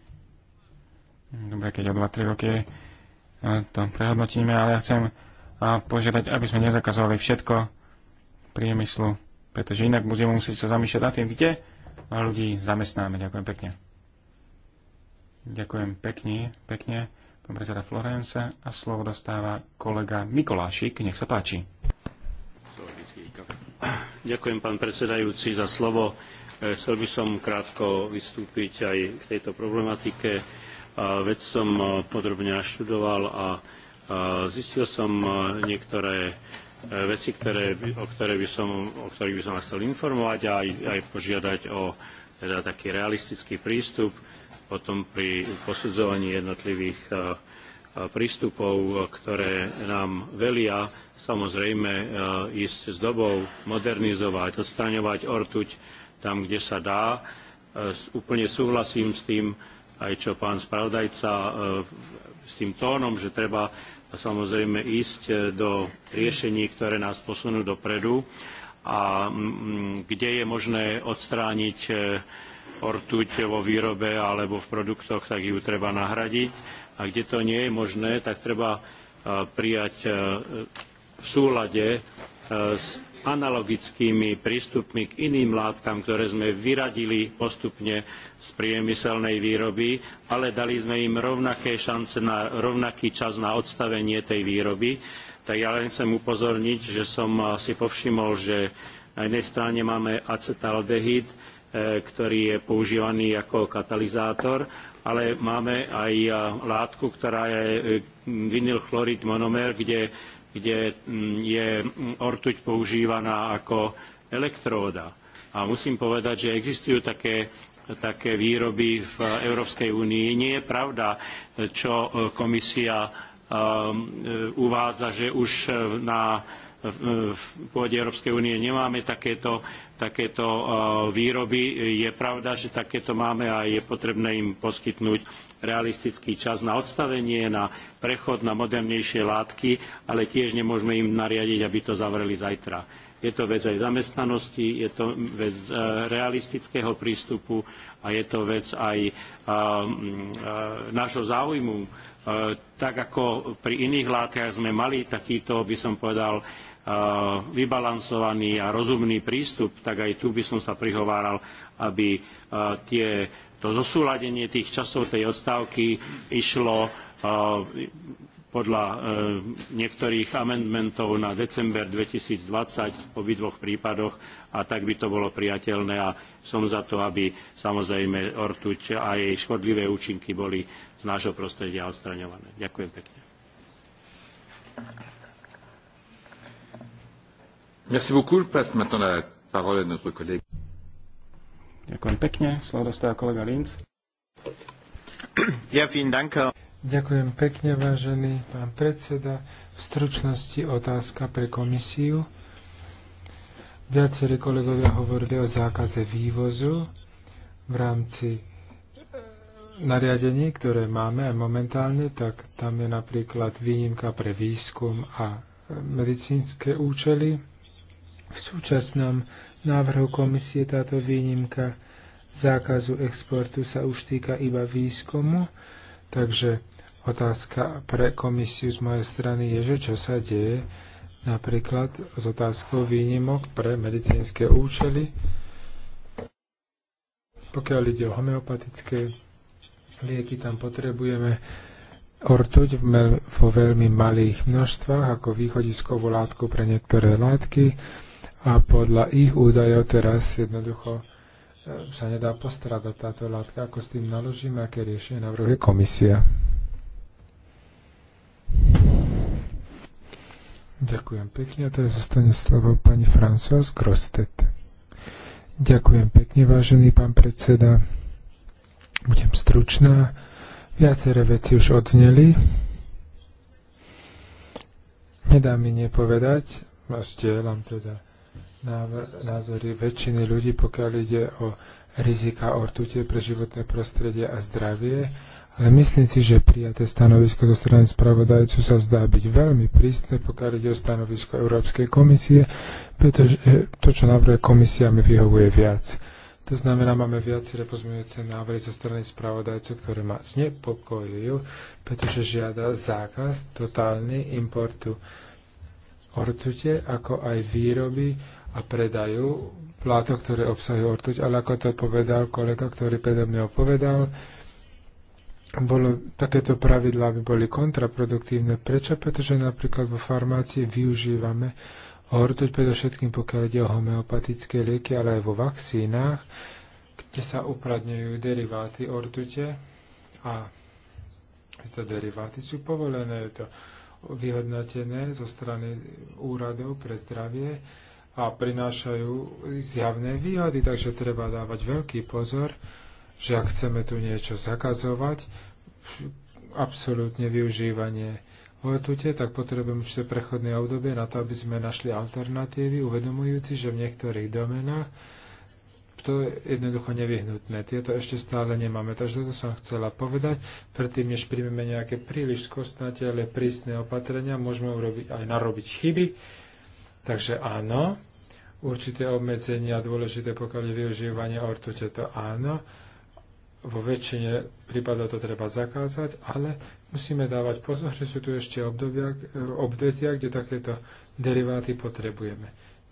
dobre, keď o 2-3 roky to prehodnotíme, ale ja chcem požiadať, aby sme nezakazovali všetko priemyslu pretože inak budeme musieť sa zamýšľať nad tým, kde ľudí zamestnáme. Ďakujem pekne. Ďakujem pekne, pekne, pán prezera Florence. A slovo dostáva kolega Mikolášik. Nech sa páči. Ďakujem, pán predsedajúci, za slovo. E, chcel by som krátko vystúpiť aj k tejto problematike. Vec som e, podrobne naštudoval a zistil som e, niektoré E, veci, ktoré, o, ktoré by som, o ktorých by som vás chcel informovať a aj, aj požiadať o teda taký realistický prístup potom pri posudzovaní jednotlivých e, e, prístupov, ktoré nám velia samozrejme ísť s dobou, modernizovať, odstraňovať ortuť tam, kde sa dá. Úplne súhlasím s tým, aj čo pán spravodajca s tým tónom, že treba samozrejme ísť e, do riešení, ktoré nás posunú dopredu a kde je možné odstrániť e, ortuť vo výrobe alebo v produktoch, tak ju treba nahradiť. A kde to nie je možné, tak treba e, prijať v súlade s analogickými prístupmi k iným látkam, ktoré sme vyradili postupne z priemyselnej výroby, ale dali sme im rovnaké šance na rovnaký čas na odstavenie tej výroby. Tak ja len chcem upozorniť, že som si povšimol, že na jednej strane máme acetaldehyd, e, ktorý je používaný ako katalizátor, ale máme aj e, látku, ktorá je e, vinylchlorid monomer, kde kde mm, je mm, ortuť používaná ako elektróda. A musím povedať, že existujú také také výroby v Európskej únii. Nie je pravda, čo e, komisia e, uvádza, že už e, na pôde Európskej únie nemáme takéto, takéto výroby. Je pravda, že takéto máme a je potrebné im poskytnúť realistický čas na odstavenie, na prechod na modernejšie látky, ale tiež nemôžeme im nariadiť, aby to zavreli zajtra. Je to vec aj zamestnanosti, je to vec e, realistického prístupu a je to vec aj e, e, nášho záujmu. Tak ako pri iných látkach sme mali takýto, by som povedal, vybalansovaný a rozumný prístup, tak aj tu by som sa prihováral, aby tie to zosúladenie tých časov tej odstávky išlo e, podľa e, niektorých amendmentov na december 2020 v obidvoch prípadoch a tak by to bolo prijateľné a som za to, aby samozrejme ortuť a jej škodlivé účinky boli z nášho prostredia odstraňované. Ďakujem pekne. Merci beaucoup. Je passe maintenant la parole à notre collègue. Ďakujem pekne. Slovo dostáva kolega Linz. Ja, danke. Ďakujem pekne, vážený pán predseda. V stručnosti otázka pre komisiu. Viacerí kolegovia hovorili o zákaze vývozu v rámci eh, nariadení, ktoré máme aj momentálne, tak tam je napríklad výnimka pre výskum a eh, medicínske účely. V súčasnom návrhu komisie táto výnimka zákazu exportu sa už týka iba výskumu, takže otázka pre komisiu z mojej strany je, že čo sa deje napríklad s otázkou výnimok pre medicínske účely, pokiaľ ide o homeopatické lieky, tam potrebujeme ortuť vo veľmi malých množstvách ako východiskovú látku pre niektoré látky a podľa ich údajov teraz jednoducho sa nedá postradať táto látka. Ako s tým naložíme, aké riešenie navrhuje komisia? Ďakujem pekne. A teraz zostane slovo pani Françoise Grostet. Ďakujem pekne, vážený pán predseda. Budem stručná. Viaceré veci už odzneli. Nedá mi nepovedať, a vlastne zdieľam teda názory väčšiny ľudí, pokiaľ ide o rizika ortutie pre životné prostredie a zdravie, ale myslím si, že prijaté stanovisko zo strany spravodajcu sa zdá byť veľmi prísne, pokiaľ ide o stanovisko Európskej komisie, pretože to, čo navrhuje komisia, mi vyhovuje viac. To znamená, máme viaceré repozmujúce návrhy zo strany spravodajcu, ktoré ma znepokojujú, pretože žiada zákaz totálny importu ortute, ako aj výroby a predajú pláto, ktoré obsahujú ortuť, ale ako to povedal kolega, ktorý predo mňa opovedal, bolo, takéto pravidlá by boli kontraproduktívne. Prečo? Pretože napríklad vo farmácii využívame ortuť predovšetkým pokiaľ ide o homeopatické lieky, ale aj vo vakcínach, kde sa upradňujú deriváty ortute a tieto deriváty sú povolené, je to vyhodnotené zo strany úradov pre zdravie a prinášajú zjavné výhody, takže treba dávať veľký pozor, že ak chceme tu niečo zakazovať, absolútne využívanie letute, tak potrebujeme určite prechodné obdobie na to, aby sme našli alternatívy, uvedomujúci, že v niektorých domenách to je jednoducho nevyhnutné. Tieto ešte stále nemáme. Takže toto som chcela povedať. Predtým, než príjmeme nejaké príliš skostnaté, ale prísne opatrenia, môžeme urobiť aj narobiť chyby. Takže áno, určité obmedzenia dôležité, pokiaľ je využívanie ortute, to áno. Vo väčšine prípadov to treba zakázať, ale musíme dávať pozor, že sú tu ešte obdobia, obdobia, kde takéto deriváty potrebujeme.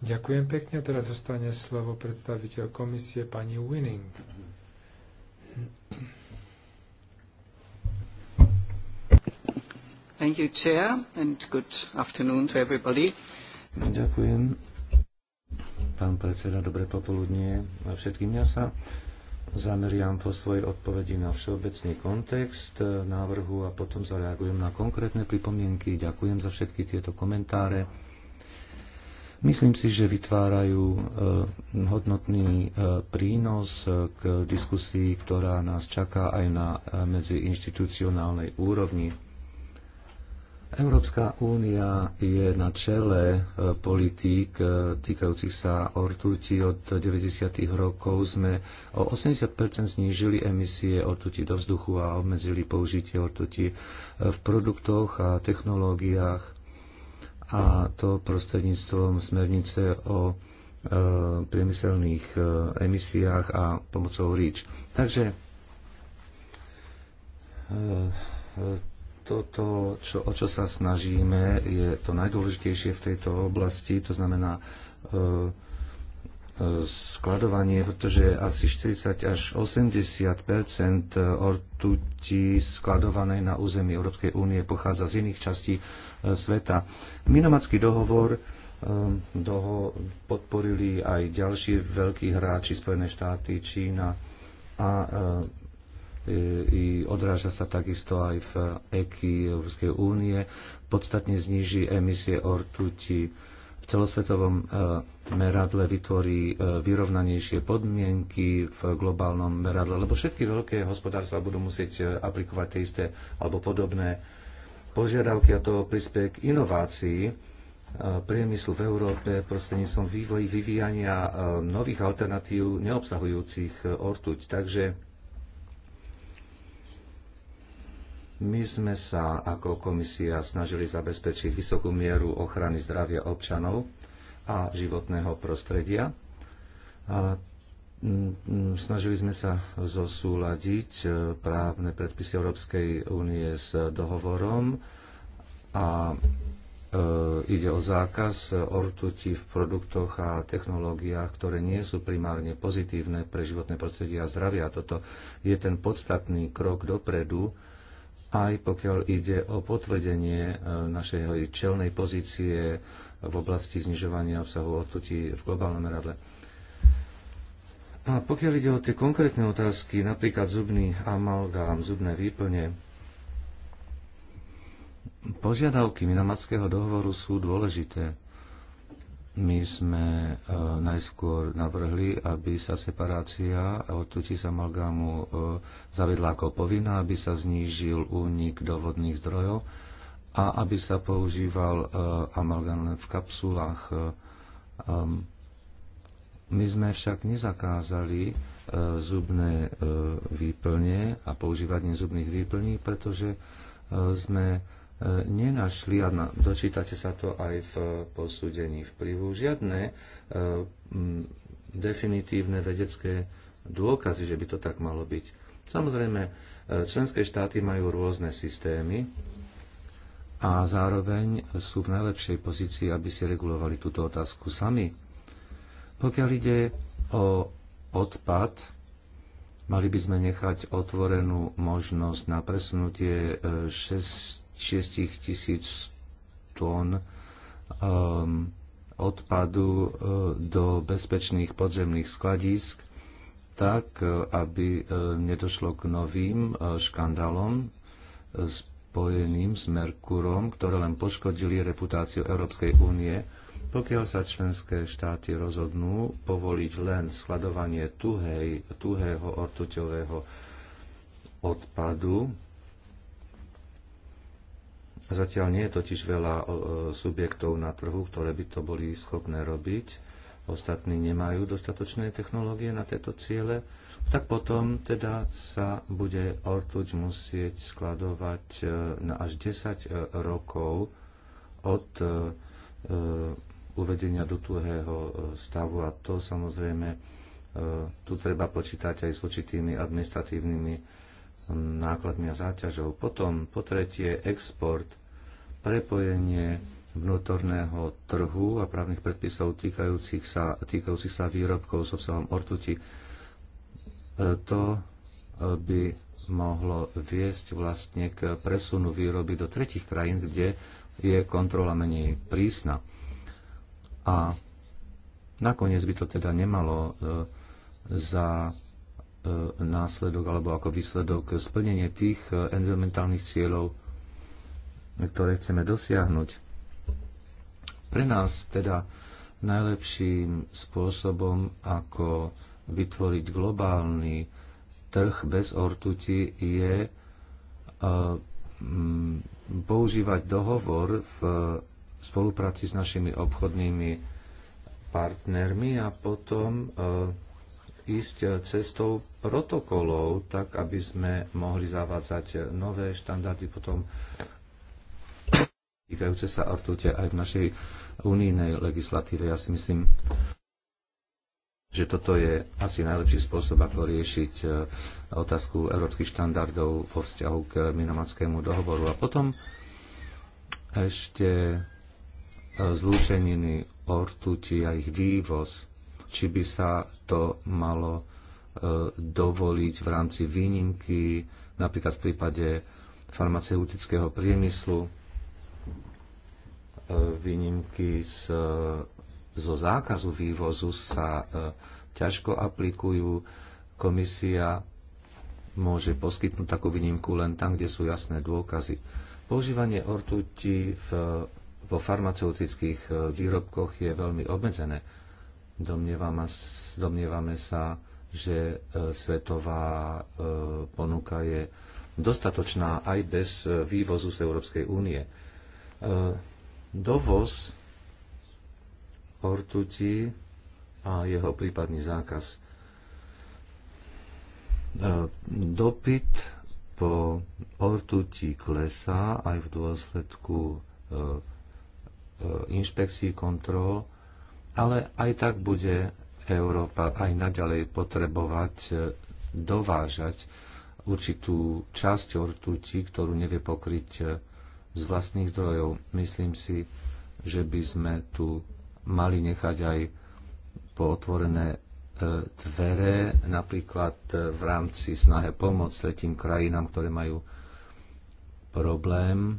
Ďakujem pekne. Teraz zostane slovo predstaviteľ komisie pani Winning. Thank you, Chair, and good afternoon to everybody. Ďakujem pán predseda, dobre popoludnie všetkým. Ja sa zameriam po svojej odpovedi na všeobecný kontext návrhu a potom zareagujem na konkrétne pripomienky. Ďakujem za všetky tieto komentáre. Myslím si, že vytvárajú e, hodnotný e, prínos k diskusii, ktorá nás čaká aj na e, medziinstitucionálnej úrovni. Európska únia je na čele e, politík e, týkajúcich sa ortuti. Od 90. rokov sme o 80 znížili emisie ortuti do vzduchu a obmedzili použitie ortuti e, v produktoch a technológiách a to prostredníctvom smernice o priemyselných emisiách a pomocou REACH. Takže toto, čo, o čo sa snažíme, je to najdôležitejšie v tejto oblasti, to znamená e, e skladovanie, pretože asi 40 až 80 ortuti skladovanej na území Európskej únie pochádza z iných častí e, sveta. Minomacký dohovor e, doho podporili aj ďalší veľkí hráči, Spojené štáty, Čína a i odráža sa takisto aj v EKI Európskej únie, podstatne zníži emisie ortuti, v celosvetovom e, meradle vytvorí e, vyrovnanejšie podmienky v globálnom meradle, lebo všetky veľké hospodárstva budú musieť e, aplikovať tie isté alebo podobné požiadavky a to prispieje k inovácii priemyslu v Európe prostredníctvom vývoji vyvíjania nových alternatív neobsahujúcich ortuť. Takže My sme sa ako komisia snažili zabezpečiť vysokú mieru ochrany zdravia občanov a životného prostredia. A snažili sme sa zosúľadiť e, právne predpisy Európskej únie s dohovorom a e, ide o zákaz ortuti v produktoch a technológiách, ktoré nie sú primárne pozitívne pre životné prostredie a zdravie. A toto je ten podstatný krok dopredu, aj pokiaľ ide o potvrdenie e, našej čelnej pozície v oblasti znižovania obsahu odtutí v globálnom meradle. A pokiaľ ide o tie konkrétne otázky, napríklad zubný amalgám, zubné výplne, požiadavky minamatského dohovoru sú dôležité. My sme e, najskôr navrhli, aby sa separácia od tutis e, zavedla ako povinná, aby sa znížil únik do vodných zdrojov a aby sa používal e, amalgán v kapsulách. E, my sme však nezakázali zubné výplne a používanie zubných výplní, pretože sme nenašli, a dočítate sa to aj v posúdení vplyvu, žiadne e, definitívne vedecké dôkazy, že by to tak malo byť. Samozrejme, e, členské štáty majú rôzne systémy a zároveň sú v najlepšej pozícii, aby si regulovali túto otázku sami. Pokiaľ ide o odpad, mali by sme nechať otvorenú možnosť na presunutie 6 e, tisíc tón um, odpadu uh, do bezpečných podzemných skladísk, tak uh, aby uh, nedošlo k novým škandálom spojeným s Merkurom, ktoré len poškodili reputáciu Európskej únie, pokiaľ sa členské štáty rozhodnú povoliť len skladovanie tuhej, tuhého ortuťového odpadu Zatiaľ nie je totiž veľa e, subjektov na trhu, ktoré by to boli schopné robiť. Ostatní nemajú dostatočné technológie na tieto ciele. Tak potom teda sa bude ortuť musieť skladovať e, na až 10 e, rokov od uvedenia do tuhého stavu a to samozrejme tu treba počítať aj s určitými administratívnymi nákladmi a záťažou. Potom po tretie export, prepojenie vnútorného trhu a právnych predpisov týkajúcich sa, týkajúcich sa výrobkov s so obsahom ortuti. E, to e, by mohlo viesť vlastne k presunu výroby do tretich krajín, kde je kontrola menej prísna. A nakoniec by to teda nemalo e, za E, následok alebo ako výsledok splnenie tých e, environmentálnych cieľov, ktoré chceme dosiahnuť. Pre nás teda najlepším spôsobom, ako vytvoriť globálny trh bez ortuti, je e, používať dohovor v spolupráci s našimi obchodnými partnermi a potom ísť eh, cestou protokolov, tak aby sme mohli zavádzať eh, nové štandardy potom týkajúce sa avtute aj v našej unijnej legislatíve. Ja si myslím, že toto je asi najlepší spôsob, ako riešiť eh, otázku európskych štandardov vo vzťahu k minomackému dohovoru. A potom ešte zlúčeniny ortuti a ich vývoz či by sa to malo e, dovoliť v rámci výnimky, napríklad v prípade farmaceutického priemyslu, e, výnimky z, e, zo zákazu vývozu sa ťažko aplikujú. Komisia môže poskytnúť takú výnimku len tam, kde sú jasné dôkazy. Používanie ortuti v, vo farmaceutických výrobkoch je veľmi obmedzené. Domnievame, domnievame sa, že e, svetová e, ponuka je dostatočná aj bez e, vývozu z Európskej únie. Dovoz ortuti a jeho prípadný zákaz. Dopyt po ortuti klesá aj v dôsledku inšpekcií kontrol ale aj tak bude Európa aj naďalej potrebovať e, dovážať určitú časť ortuti, ktorú nevie pokryť e, z vlastných zdrojov. Myslím si, že by sme tu mali nechať aj pootvorené e, dvere, napríklad v rámci snahe pomôcť tretím krajinám, ktoré majú problém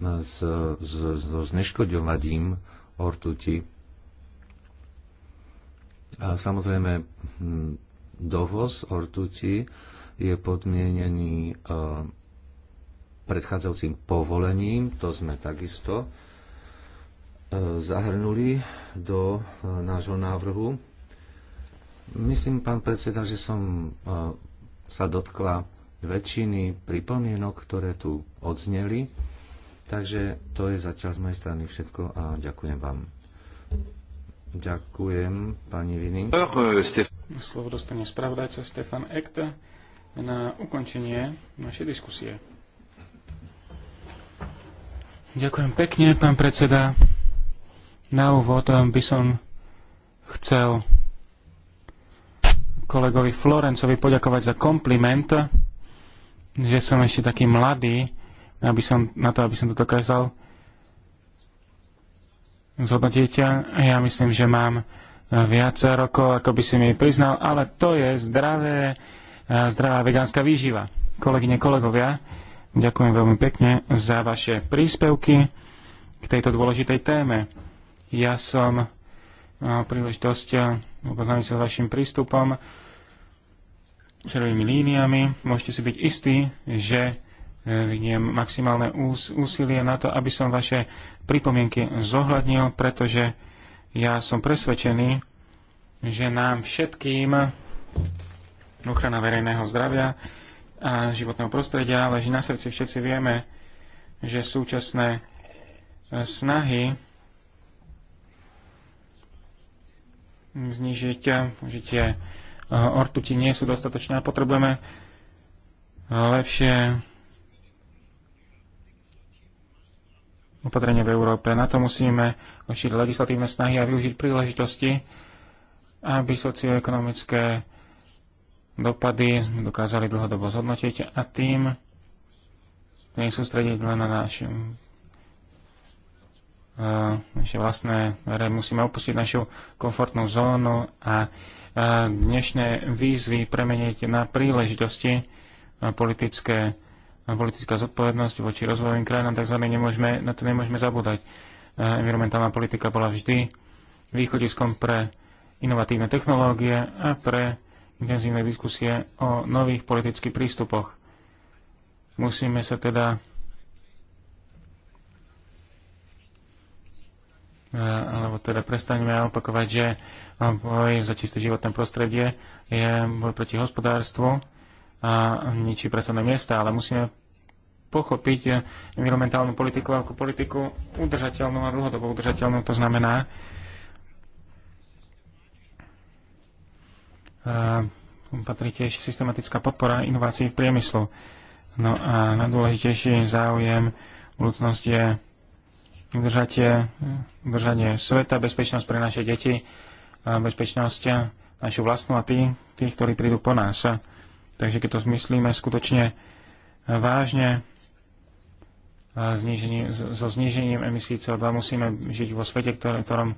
s, s, s zneškodovaním ortuti a samozrejme, hm, dovoz ortuti je podmienený e, predchádzajúcim povolením, to sme takisto e, zahrnuli do e, nášho návrhu. Myslím, pán predseda, že som sa dotkla väčšiny pripomienok, ktoré tu odzneli. Takže to je zatiaľ z mojej strany všetko a ďakujem vám. Ďakujem, pani Viny. Slovo dostane spravodajca Stefan Ekt na ukončenie našej diskusie. Ďakujem pekne, pán predseda. Na úvod eh, by som chcel kolegovi Florencovi poďakovať za kompliment, že som ešte taký mladý, aby som, na to, aby som to dokázal zhodnotiť. Ja myslím, že mám viac rokov, ako by si mi priznal, ale to je zdravé, e, zdravá vegánska výživa. Kolegyne, kolegovia, ďakujem veľmi pekne za vaše príspevky k tejto dôležitej téme. Ja som mal e, príležitosť e, upoznámiť sa s vašim prístupom, červenými líniami. Môžete si byť istí, že vyniem maximálne ús- úsilie na to, aby som vaše pripomienky zohľadnil, pretože ja som presvedčený, že nám všetkým ochrana verejného zdravia a životného prostredia leží na srdci. Všetci vieme, že súčasné e, snahy znižiť tie e, ortuti nie sú dostatočné a potrebujeme lepšie opatrenie v Európe. Na to musíme určiť legislatívne snahy a využiť príležitosti, aby socioekonomické dopady sme dokázali dlhodobo zhodnotiť a tým nesústrediť len na naše, naše vlastné, musíme opustiť našu komfortnú zónu a dnešné výzvy premeniť na príležitosti politické politická zodpovednosť voči rozvojovým krajinám, tzv. Nemôžeme, na to nemôžeme zabúdať. Environmentálna politika bola vždy východiskom pre inovatívne technológie a pre intenzívne diskusie o nových politických prístupoch. Musíme sa teda alebo teda prestaňme opakovať, že boj za čisté životné prostredie je boj proti hospodárstvu, a ničí pracovné miesta, ale musíme pochopiť environmentálnu politiku ako politiku udržateľnú a dlhodobo udržateľnú. To znamená, e, patrí tiež systematická podpora inovácií v priemyslu. No a najdôležitejší záujem budúcnosti je udržatie, udržanie sveta, bezpečnosť pre naše deti, bezpečnosť našu vlastnú a tých, tých ktorí prídu po nás. Takže keď to zmyslíme skutočne vážne, zniženie, so znížením emisí CO2 musíme žiť vo svete, ktorom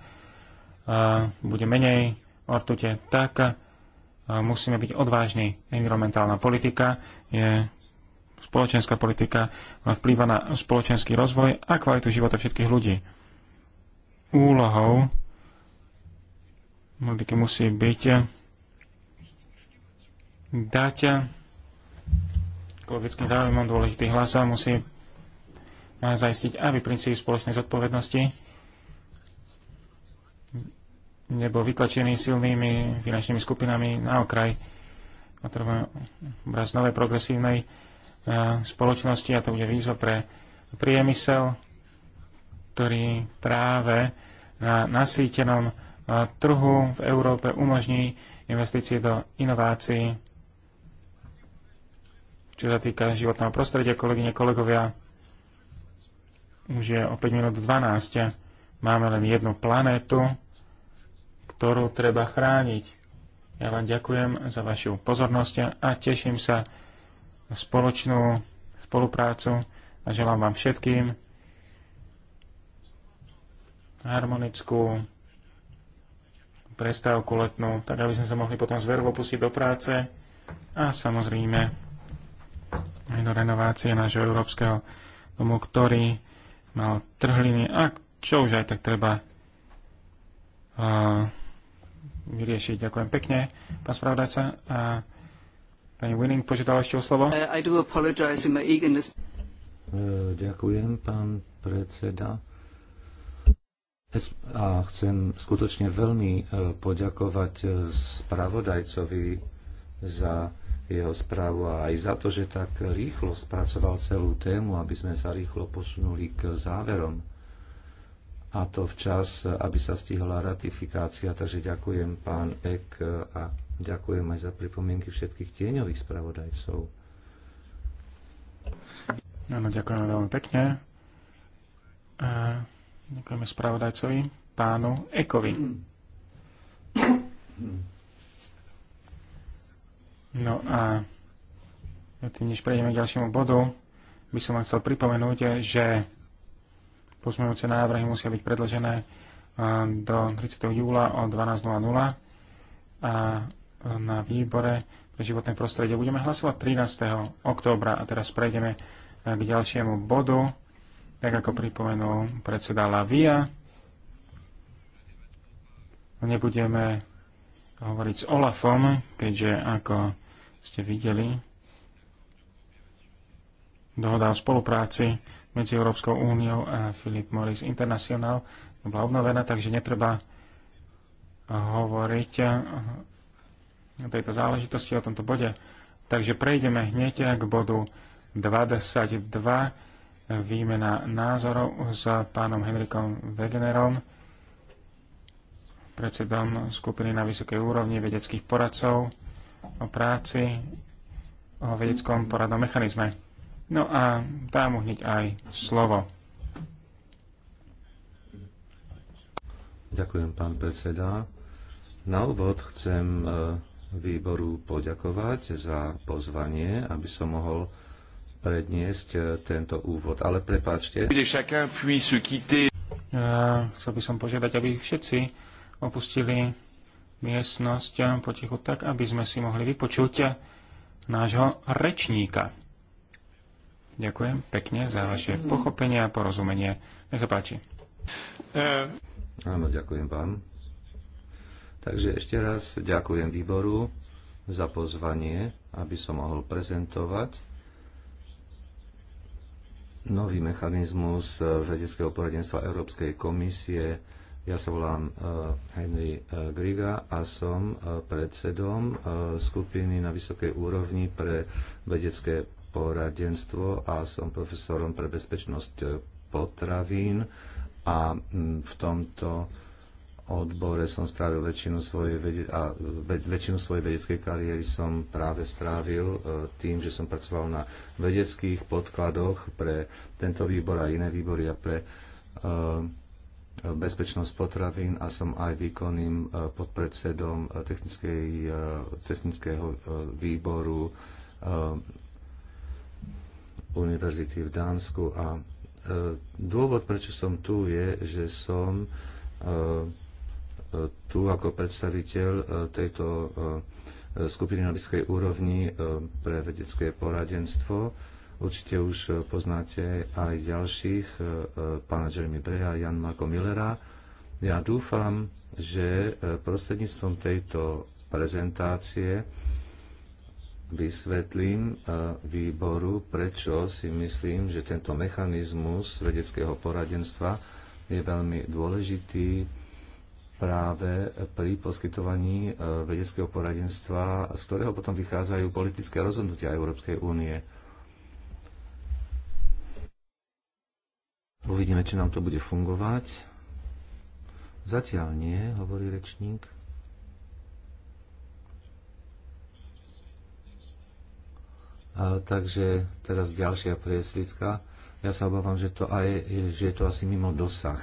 bude menej ortute, tak musíme byť odvážni. Environmentálna politika je spoločenská politika, vplýva na spoločenský rozvoj a kvalitu života všetkých ľudí. Úlohou politiky musí byť dať ekologickým záujmom dôležitý hlas a musí zaistiť, aby princíp spoločnej zodpovednosti nebol vytlačený silnými finančnými skupinami na okraj. A obraz novej progresívnej eh, spoločnosti a to bude výzva pre priemysel, ktorý práve na nasýtenom eh, trhu v Európe umožní investície do inovácií čo sa týka životného prostredia, kolegyne, kolegovia, už je o 5 minút 12. Máme len jednu planétu, ktorú treba chrániť. Ja vám ďakujem za vašu pozornosť a teším sa na spoločnú spoluprácu a želám vám všetkým harmonickú prestávku letnú, tak aby sme sa mohli potom zvervo pustiť do práce a samozrejme aj do renovácie nášho európskeho domu, ktorý mal trhliny a čo už aj tak treba uh, vyriešiť. Ďakujem pekne, pán spravodajca. A pani Winning požiadala ešte o slovo. Uh, I do apologize my eagerness. Uh, ďakujem, pán predseda. A chcem skutočne veľmi uh, poďakovať uh, spravodajcovi za jeho správu a aj za to, že tak rýchlo spracoval celú tému, aby sme sa rýchlo posunuli k záverom. A to včas, aby sa stihla ratifikácia. Takže ďakujem pán Ek a ďakujem aj za pripomienky všetkých tieňových spravodajcov. Áno, ďakujem veľmi pekne. A ďakujeme spravodajcovi, pánu Ekovi. No a tým, než prejdeme k ďalšiemu bodu, by som vám chcel pripomenúť, že pozmeňujúce návrhy musia byť predložené do 30. júla o 12.00 a na výbore pre životné prostredie budeme hlasovať 13. októbra a teraz prejdeme k ďalšiemu bodu, tak ako pripomenul predseda Lavia. Nebudeme hovoriť s Olafom, keďže ako ste videli, dohoda o spolupráci medzi Európskou úniou a Philip Morris International bola obnovená, takže netreba hovoriť o tejto záležitosti, o tomto bode. Takže prejdeme hneď k bodu 22, výmena názorov s pánom Henrikom Wegenerom, predsedom skupiny na vysokej úrovni vedeckých poradcov o práci, o vedeckom poradnom mechanizme. No a dám mu hneď aj slovo. Ďakujem, pán predseda. Na úvod chcem e, výboru poďakovať za pozvanie, aby som mohol predniesť e, tento úvod. Ale prepáčte. Chcel by som požiadať, aby všetci opustili miestnosť potichu tak, aby sme si mohli vypočuť nášho rečníka. Ďakujem pekne za vaše pochopenie a porozumenie. Nech sa páči. Eh. Áno, ďakujem vám. Takže ešte raz ďakujem výboru za pozvanie, aby som mohol prezentovať nový mechanizmus vedeckého poradenstva Európskej komisie ja sa volám e, Henry e, Griga a som e, predsedom skupiny na vysokej úrovni pre vedecké poradenstvo a som profesorom pre bezpečnosť potravín a v tomto odbore som strávil väčšinu svojej, vede- a väčšinu svojej vedeckej kariéry som práve strávil tým, že som pracoval na vedeckých podkladoch pre tento výbor a iné výbory a pre bezpečnosť potravín a som aj výkonným e, podpredsedom e, e, technického výboru univerzity v Dánsku. A dôvod, prečo som tu, je, že som tu ako predstaviteľ tejto skupiny na vysokej úrovni pre vedecké poradenstvo Určite už e, poznáte aj ďalších, e, e, pána Jeremy Breha a Jan Marko Millera. Ja dúfam, že prostredníctvom tejto prezentácie vysvetlím výboru, prečo si myslím, že tento mechanizmus vedeckého poradenstva je veľmi dôležitý práve pri poskytovaní vedeckého poradenstva, z ktorého potom vychádzajú politické rozhodnutia Európskej únie. Uvidíme, či nám to bude fungovať. Zatiaľ nie, hovorí rečník. A, takže teraz ďalšia priesvitka. Ja sa obávam, že, to aj, že je to asi mimo dosah.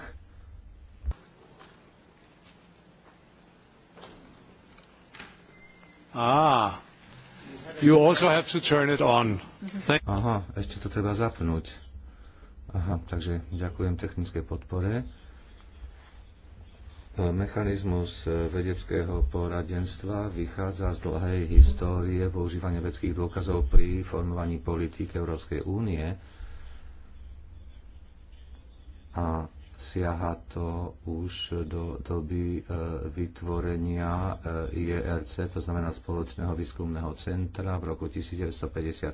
Ah, you also have to turn it on. Aha, ešte to treba zapnúť. Aha, takže ďakujem technickej podpore. E, mechanizmus e, vedeckého poradenstva vychádza z dlhej histórie používania vedeckých dôkazov pri formovaní politík Európskej únie a siaha to už do doby e, vytvorenia IERC, to znamená Spoločného výskumného centra v roku 1957,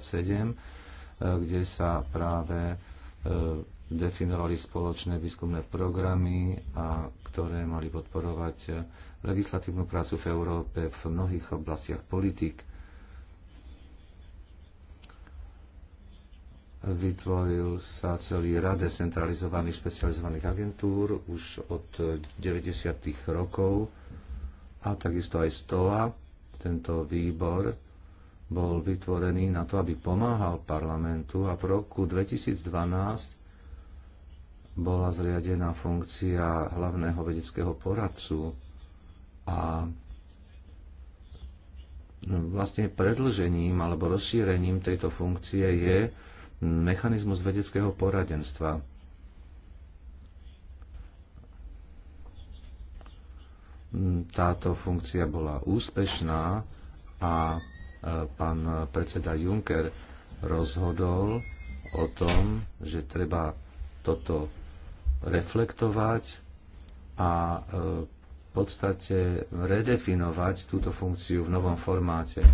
kde sa práve E, definovali spoločné výskumné programy, a ktoré mali podporovať e, legislatívnu prácu v Európe v mnohých oblastiach politik. Vytvoril sa celý rad decentralizovaných špecializovaných agentúr už od 90. rokov a takisto aj STOA, tento výbor bol vytvorený na to, aby pomáhal parlamentu a v roku 2012 bola zriadená funkcia hlavného vedeckého poradcu a vlastne predlžením alebo rozšírením tejto funkcie je mechanizmus vedeckého poradenstva. Táto funkcia bola úspešná a pán predseda Juncker rozhodol o tom, že treba toto reflektovať a e, v podstate redefinovať túto funkciu v novom formáte.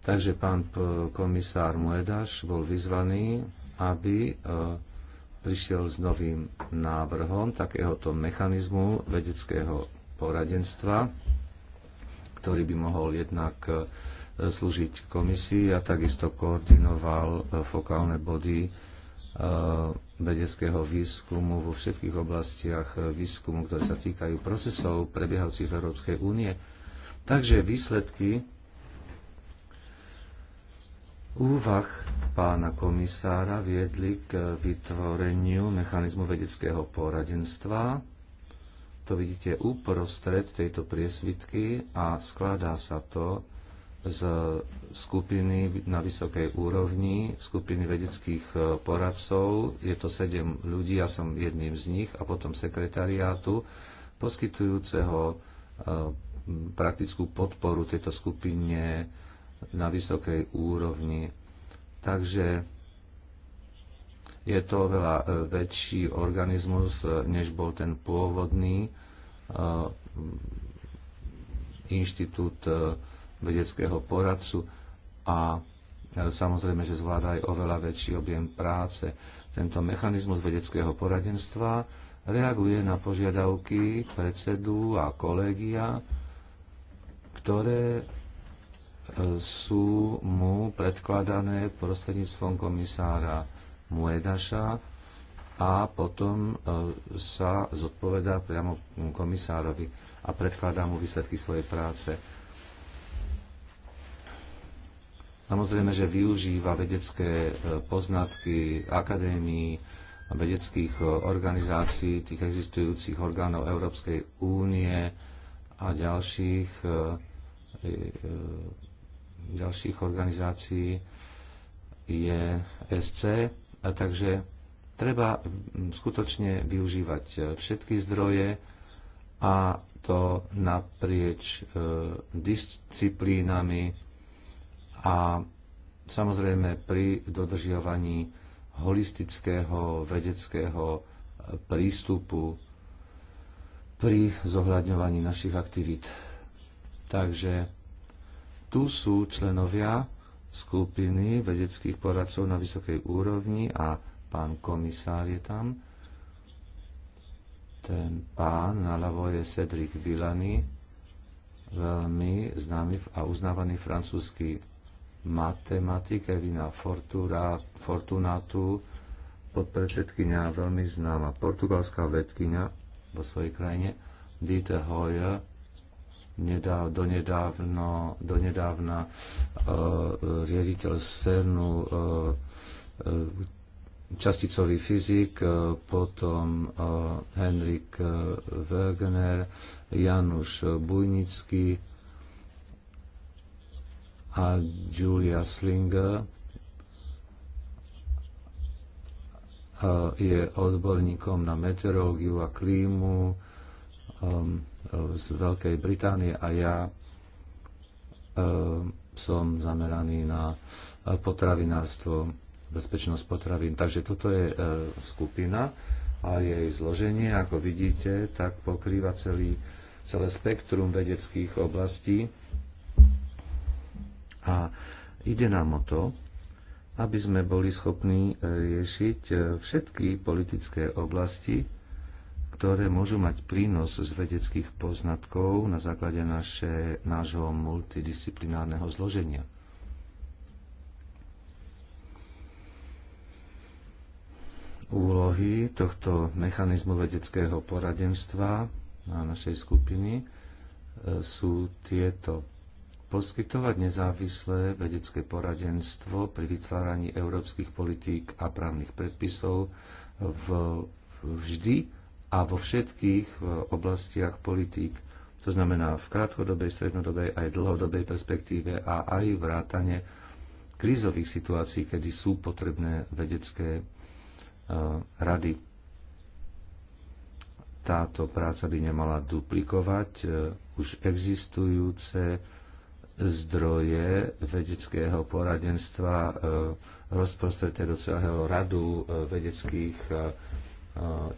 Takže pán komisár Muedaš bol vyzvaný, aby e, prišiel s novým návrhom takéhoto mechanizmu vedeckého poradenstva, ktorý by mohol jednak slúžiť komisii a takisto koordinoval e, fokálne body e, vedeckého výskumu vo všetkých oblastiach e, výskumu, ktoré sa týkajú procesov prebiehajúcich v Európskej únie. Takže výsledky úvah pána komisára viedli k vytvoreniu mechanizmu vedeckého poradenstva. To vidíte uprostred tejto priesvitky a skladá sa to z skupiny na vysokej úrovni, skupiny vedeckých e, poradcov. Je to sedem ľudí, ja som jedným z nich, a potom sekretariátu, poskytujúceho e, praktickú podporu tejto skupine na vysokej úrovni. Takže je to veľa e, väčší organizmus, než bol ten pôvodný inštitút vedeckého poradcu a e, samozrejme, že zvláda aj oveľa väčší objem práce. Tento mechanizmus vedeckého poradenstva reaguje na požiadavky predsedu a kolegia, ktoré e, sú mu predkladané prostredníctvom komisára Muedaša a potom e, sa zodpovedá priamo komisárovi a predkladá mu výsledky svojej práce. Samozrejme, že využíva vedecké e, poznatky akadémií, a vedeckých e, organizácií, tých existujúcich orgánov Európskej únie a ďalších, e, ďalších organizácií je SC. A takže treba skutočne využívať všetky zdroje a to naprieč disciplínami a samozrejme pri dodržiavaní holistického vedeckého e, prístupu pri zohľadňovaní našich aktivít. Takže tu sú členovia skupiny vedeckých poradcov na vysokej úrovni a pán komisár je tam. Ten pán naľavo je Cedric Villani, veľmi známy a uznávaný francúzsky matematike Vina Fortura, Fortunatu, podpredsedkynia veľmi známa portugalská vedkynia vo svojej krajine, Dieter Hoyer, nedáv, donedávno, donedávna uh, riaditeľ CERNu, uh, časticový fyzik, potom Henrik Wegener, Janusz Bujnický, a Julia Slinger je odborníkom na meteorológiu a klímu um, z Veľkej Británie a ja um, som zameraný na potravinárstvo, bezpečnosť potravín. Takže toto je uh, skupina a jej zloženie, ako vidíte, tak pokrýva celý, celé spektrum vedeckých oblastí a ide nám o to, aby sme boli schopní e, riešiť e, všetky politické oblasti, ktoré môžu mať prínos z vedeckých poznatkov na základe naše, nášho multidisciplinárneho zloženia. Úlohy tohto mechanizmu vedeckého poradenstva na našej skupiny e, sú tieto poskytovať nezávislé vedecké poradenstvo pri vytváraní európskych politík a právnych predpisov v, vždy a vo všetkých oblastiach politík. To znamená v krátkodobej, strednodobej aj dlhodobej perspektíve a aj vrátane krízových situácií, kedy sú potrebné vedecké e, rady. Táto práca by nemala duplikovať e, už existujúce zdroje vedeckého poradenstva eh, rozprostreté do celého radu eh, vedeckých eh,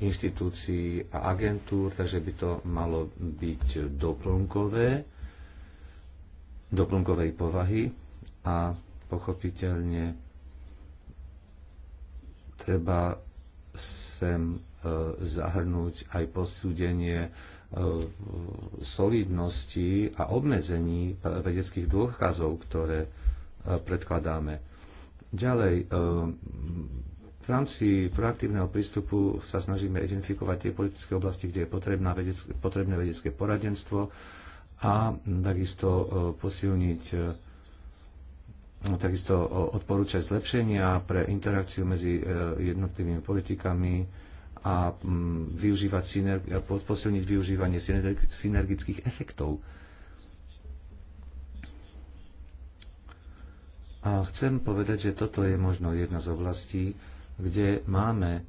inštitúcií a agentúr, takže by to malo byť doplnkové, doplnkovej povahy a pochopiteľne treba sem zahrnúť aj posúdenie solidnosti a obmedzení vedeckých dôkazov, ktoré e, predkladáme. Ďalej, e, v rámci proaktívneho prístupu sa snažíme identifikovať tie politické oblasti, kde je potrebné vedecké poradenstvo a takisto e, posilniť takisto odporúčať zlepšenia pre interakciu medzi jednotlivými politikami, a mm, využívať posilniť využívanie synergických efektov. A chcem povedať, že toto je možno jedna z oblastí, kde máme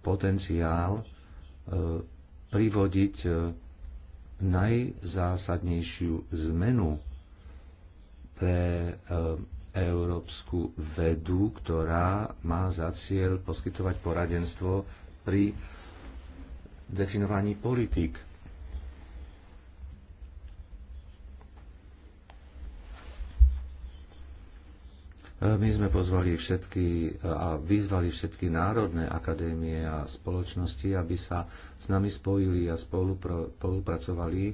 potenciál e, privodiť e, najzásadnejšiu zmenu pre e, európsku vedu, ktorá má za cieľ poskytovať poradenstvo pri definovaní politík. My sme pozvali všetky a vyzvali všetky národné akadémie a spoločnosti, aby sa s nami spojili a spolupracovali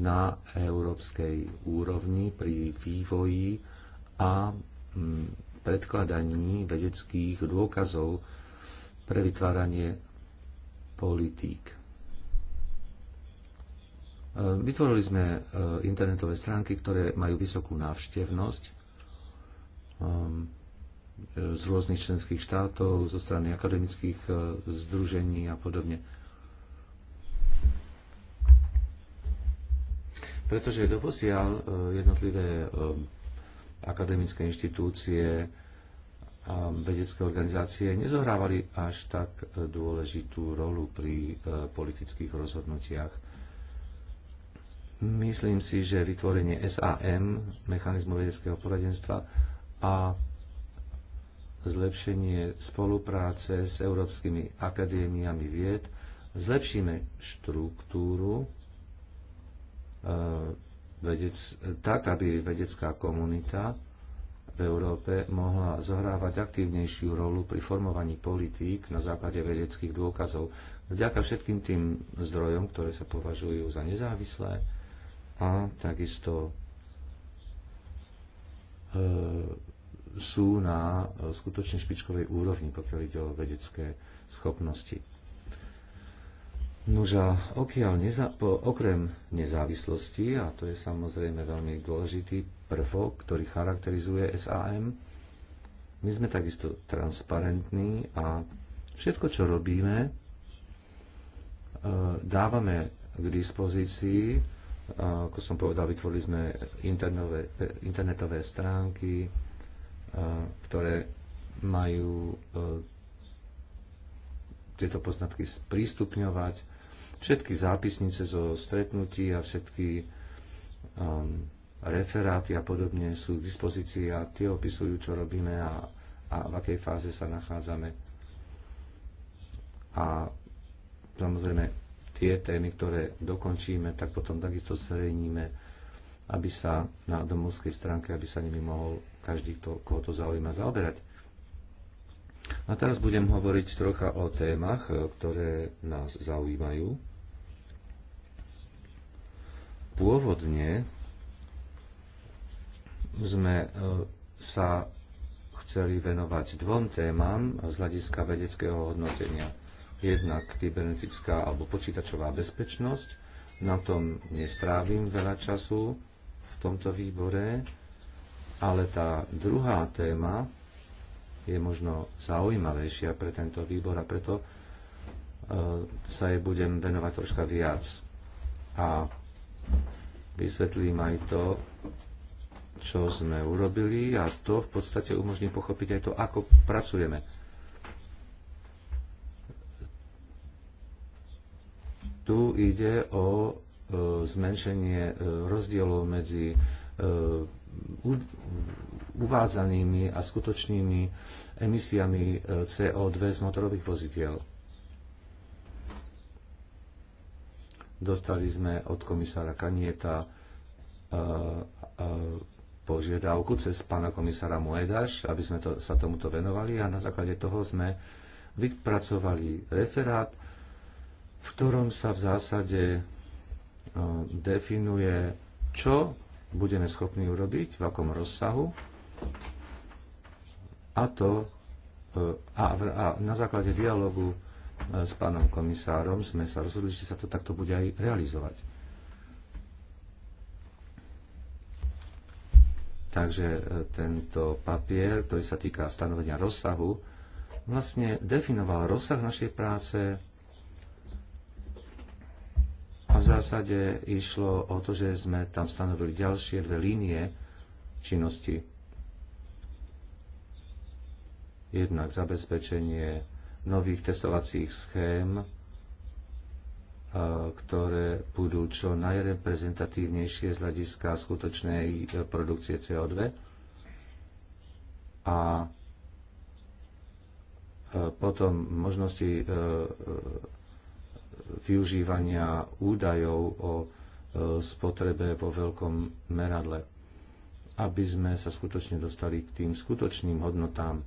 na európskej úrovni pri vývoji a mm, predkladaní vedeckých dôkazov pre vytváranie politík. E, vytvorili sme e, internetové stránky, ktoré majú vysokú návštevnosť um, e, z rôznych členských štátov, zo strany akademických združení a podobne. Pretože doposiaľ jednotlivé akademické inštitúcie vedecké organizácie nezohrávali až tak dôležitú rolu pri e, politických rozhodnutiach. Myslím si, že vytvorenie SAM, mechanizmu vedeckého poradenstva a zlepšenie spolupráce s európskymi akadémiami vied, zlepšíme štruktúru e, vedec, tak, aby vedecká komunita v Európe mohla zohrávať aktívnejšiu rolu pri formovaní politík na základe vedeckých dôkazov. Vďaka všetkým tým zdrojom, ktoré sa považujú za nezávislé a takisto e, sú na skutočne špičkovej úrovni, pokiaľ ide o vedecké schopnosti. Nuža, okiaľ neza, po, okrem nezávislosti, a to je samozrejme veľmi dôležitý prvok, ktorý charakterizuje SAM. My sme takisto transparentní a všetko, čo robíme, e, dávame k dispozícii. E, ako som povedal, vytvorili sme internové, e, internetové stránky, ktoré majú tieto poznatky sprístupňovať. Všetky zápisnice zo stretnutí a všetky um, referáty a podobne sú k dispozícii a tie opisujú, čo robíme a, a v akej fáze sa nachádzame. A samozrejme tie témy, ktoré dokončíme, tak potom takisto zverejníme, aby sa na domovskej stránke, aby sa nimi mohol každý, kto, koho to zaujíma, zaoberať. A teraz budem hovoriť trocha o témach, e, ktoré nás zaujímajú. Pôvodne sme e, sa chceli venovať dvom témam z hľadiska vedeckého hodnotenia. Jednak kybernetická alebo počítačová bezpečnosť. Na tom nestrávim veľa času v tomto výbore, ale tá druhá téma je možno zaujímavejšia pre tento výbor a preto e, sa jej budem venovať troška viac. A vysvetlím aj to, čo sme urobili a to v podstate umožní pochopiť aj to, ako pracujeme. Tu ide o e, zmenšenie e, rozdielov medzi e, uvádzanými a skutočnými emisiami CO2 z motorových vozidiel. Dostali sme od komisára Kanieta požiadavku cez pána komisára Moedaš, aby sme to, sa tomuto venovali a na základe toho sme vypracovali referát, v ktorom sa v zásade e, definuje, čo budeme schopní urobiť, v akom rozsahu a to e, a, a na základe dialogu e, s pánom komisárom sme sa rozhodli, že sa to takto bude aj realizovať. Takže e, tento papier, ktorý sa týka stanovenia rozsahu, vlastne definoval rozsah našej práce a v zásade išlo o to, že sme tam stanovili ďalšie dve línie činnosti. Jednak zabezpečenie nových testovacích schém ktoré budú čo najreprezentatívnejšie z hľadiska skutočnej e, produkcie CO2 a e, potom možnosti e, využívania údajov o spotrebe vo veľkom meradle, aby sme sa skutočne dostali k tým skutočným hodnotám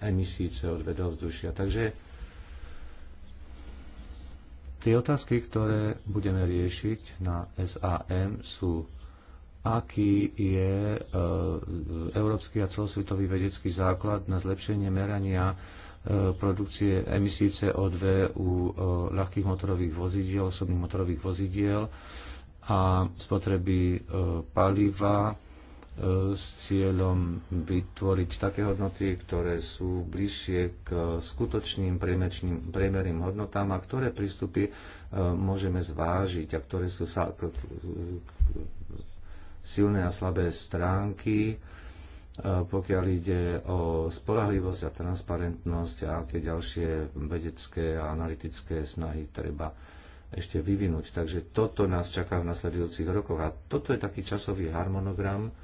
emisí CO2 do vzdušia. Takže Tie otázky, ktoré budeme riešiť na SAM sú aký je e, európsky a celosvetový vedecký základ na zlepšenie merania e, produkcie emisí CO2 u e, ľahkých motorových vozidiel, osobných motorových vozidiel a spotreby paliva E, s cieľom vytvoriť také hodnoty, ktoré sú bližšie k skutočným priemerným hodnotám a ktoré prístupy e, môžeme zvážiť a ktoré sú silné a slabé stránky, e, pokiaľ ide o spolahlivosť a transparentnosť a aké ďalšie vedecké a analytické snahy treba ešte vyvinúť. Takže toto nás čaká v nasledujúcich rokoch. A toto je taký časový harmonogram,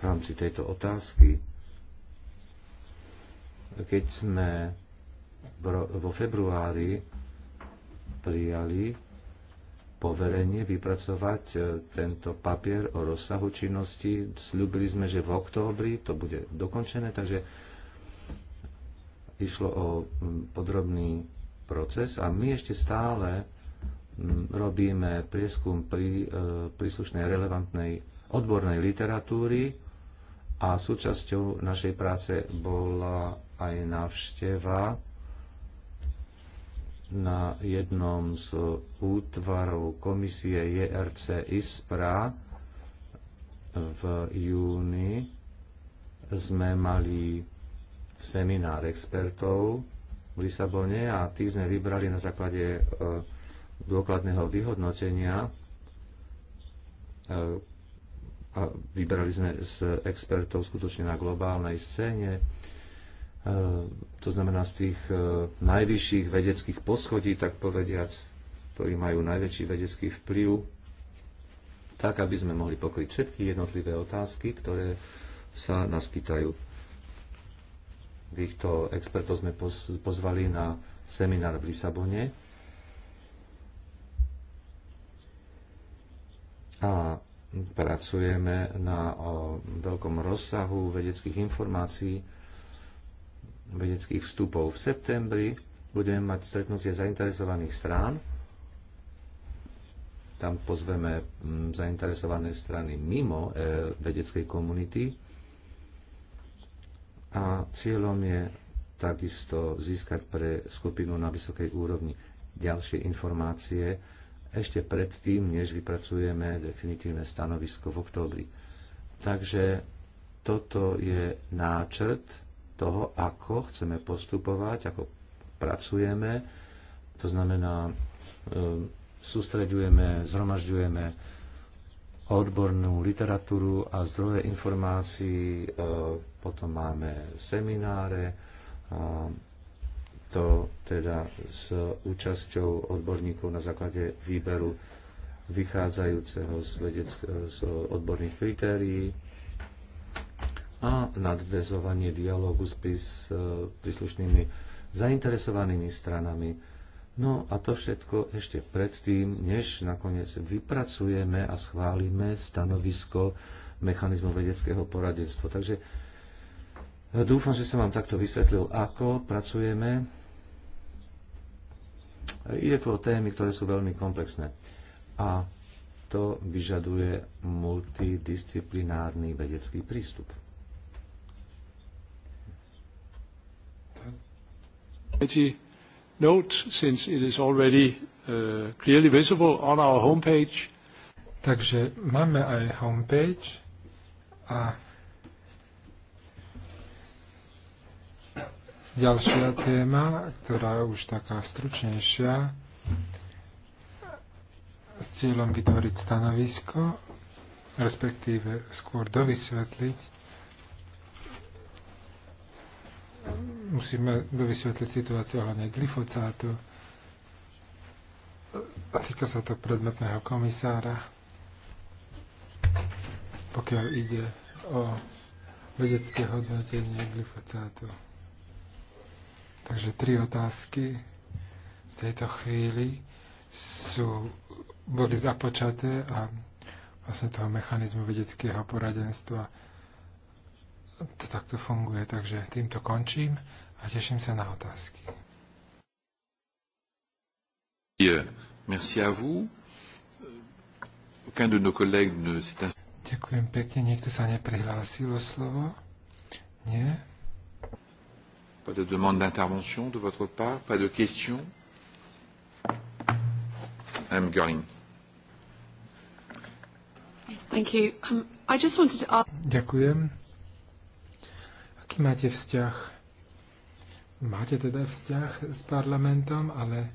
v rámci tejto otázky. Keď sme vo februári prijali poverenie vypracovať e, tento papier o rozsahu činnosti. slúbili sme, že v októbri to bude dokončené, takže išlo o podrobný proces a my ešte stále robíme prieskum pri e, príslušnej relevantnej odbornej literatúry a súčasťou našej práce bola aj návšteva na jednom z útvarov komisie JRC ISPRA v júni sme mali seminár expertov v Lisabone a tí sme vybrali na základe e, dôkladného vyhodnotenia e, a vybrali sme z expertov skutočne na globálnej scéne, e, to znamená z tých e, najvyšších vedeckých poschodí, tak povediac, ktorí majú najväčší vedecký vplyv, tak aby sme mohli pokryť všetky jednotlivé otázky, ktoré sa naskytajú. Týchto expertov sme pozvali na seminár v Lisabone. A pracujeme na veľkom rozsahu vedeckých informácií, vedeckých vstupov. V septembri budeme mať stretnutie zainteresovaných strán. Tam pozveme mm, zainteresované strany mimo e, vedeckej komunity. A cieľom je takisto získať pre skupinu na vysokej úrovni ďalšie informácie, ešte predtým, než vypracujeme definitívne stanovisko v októbri. Takže toto je náčrt toho, ako chceme postupovať, ako pracujeme. To znamená, e, sústreďujeme, zhromažďujeme odbornú literatúru a zdroje informácií, e, potom máme semináre, to teda s účasťou odborníkov na základe výberu vychádzajúceho z, vedec, z odborných kritérií a nadvezovanie dialógu s príslušnými zainteresovanými stranami. No a to všetko ešte predtým, než nakoniec vypracujeme a schválime stanovisko mechanizmu vedeckého poradenstva. Takže dúfam, že som vám takto vysvetlil, ako pracujeme Ide tu o témy, ktoré sú veľmi komplexné. A to vyžaduje multidisciplinárny vedecký prístup. Note, since it is already uh, clearly visible on our homepage. Takže máme aj homepage a Ďalšia téma, ktorá je už taká stručnejšia, s cieľom vytvoriť stanovisko, respektíve skôr dovysvetliť. Musíme dovysvetliť situáciu ohľadne glyfocátu. A týka sa to predmetného komisára, pokiaľ ide o vedecké hodnotenie glyfocátu. Takže tri otázky v tejto chvíli sú, boli započaté a vlastne toho mechanizmu vedeckého poradenstva to takto funguje. Takže týmto končím a teším sa na otázky. Merci à vous. Aucun de nos collègues ne s'est Ďakujem pekne. Niekto sa neprihlásil o slovo? Nie? Pas de demande d'intervention de votre part Pas de questions Madame Görling. Um, Ďakujem. Aký máte vzťah? Máte teda vzťah s parlamentom, ale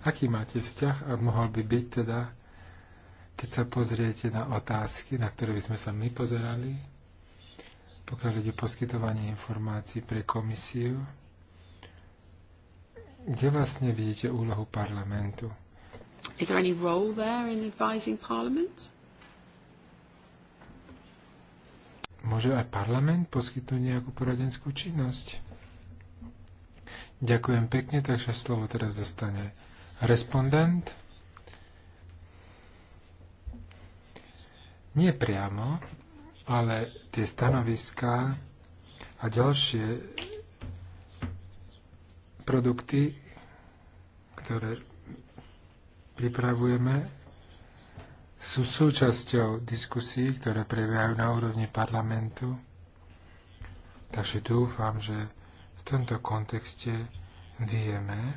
aký máte vzťah a mohol by byť teda, keď sa pozriete na otázky, na ktoré by sme sa my pozerali, pokiaľ ide poskytovanie informácií pre komisiu, kde vlastne vidíte úlohu parlamentu? Is there any role there in advising parliament? Môže aj parlament poskytnúť nejakú poradenskú činnosť? Ďakujem pekne, takže slovo teraz dostane respondent. Nie priamo, ale tie stanoviská a ďalšie produkty, ktoré pripravujeme, sú súčasťou diskusí, ktoré prebiehajú na úrovni parlamentu. Takže dúfam, že v tomto kontexte vieme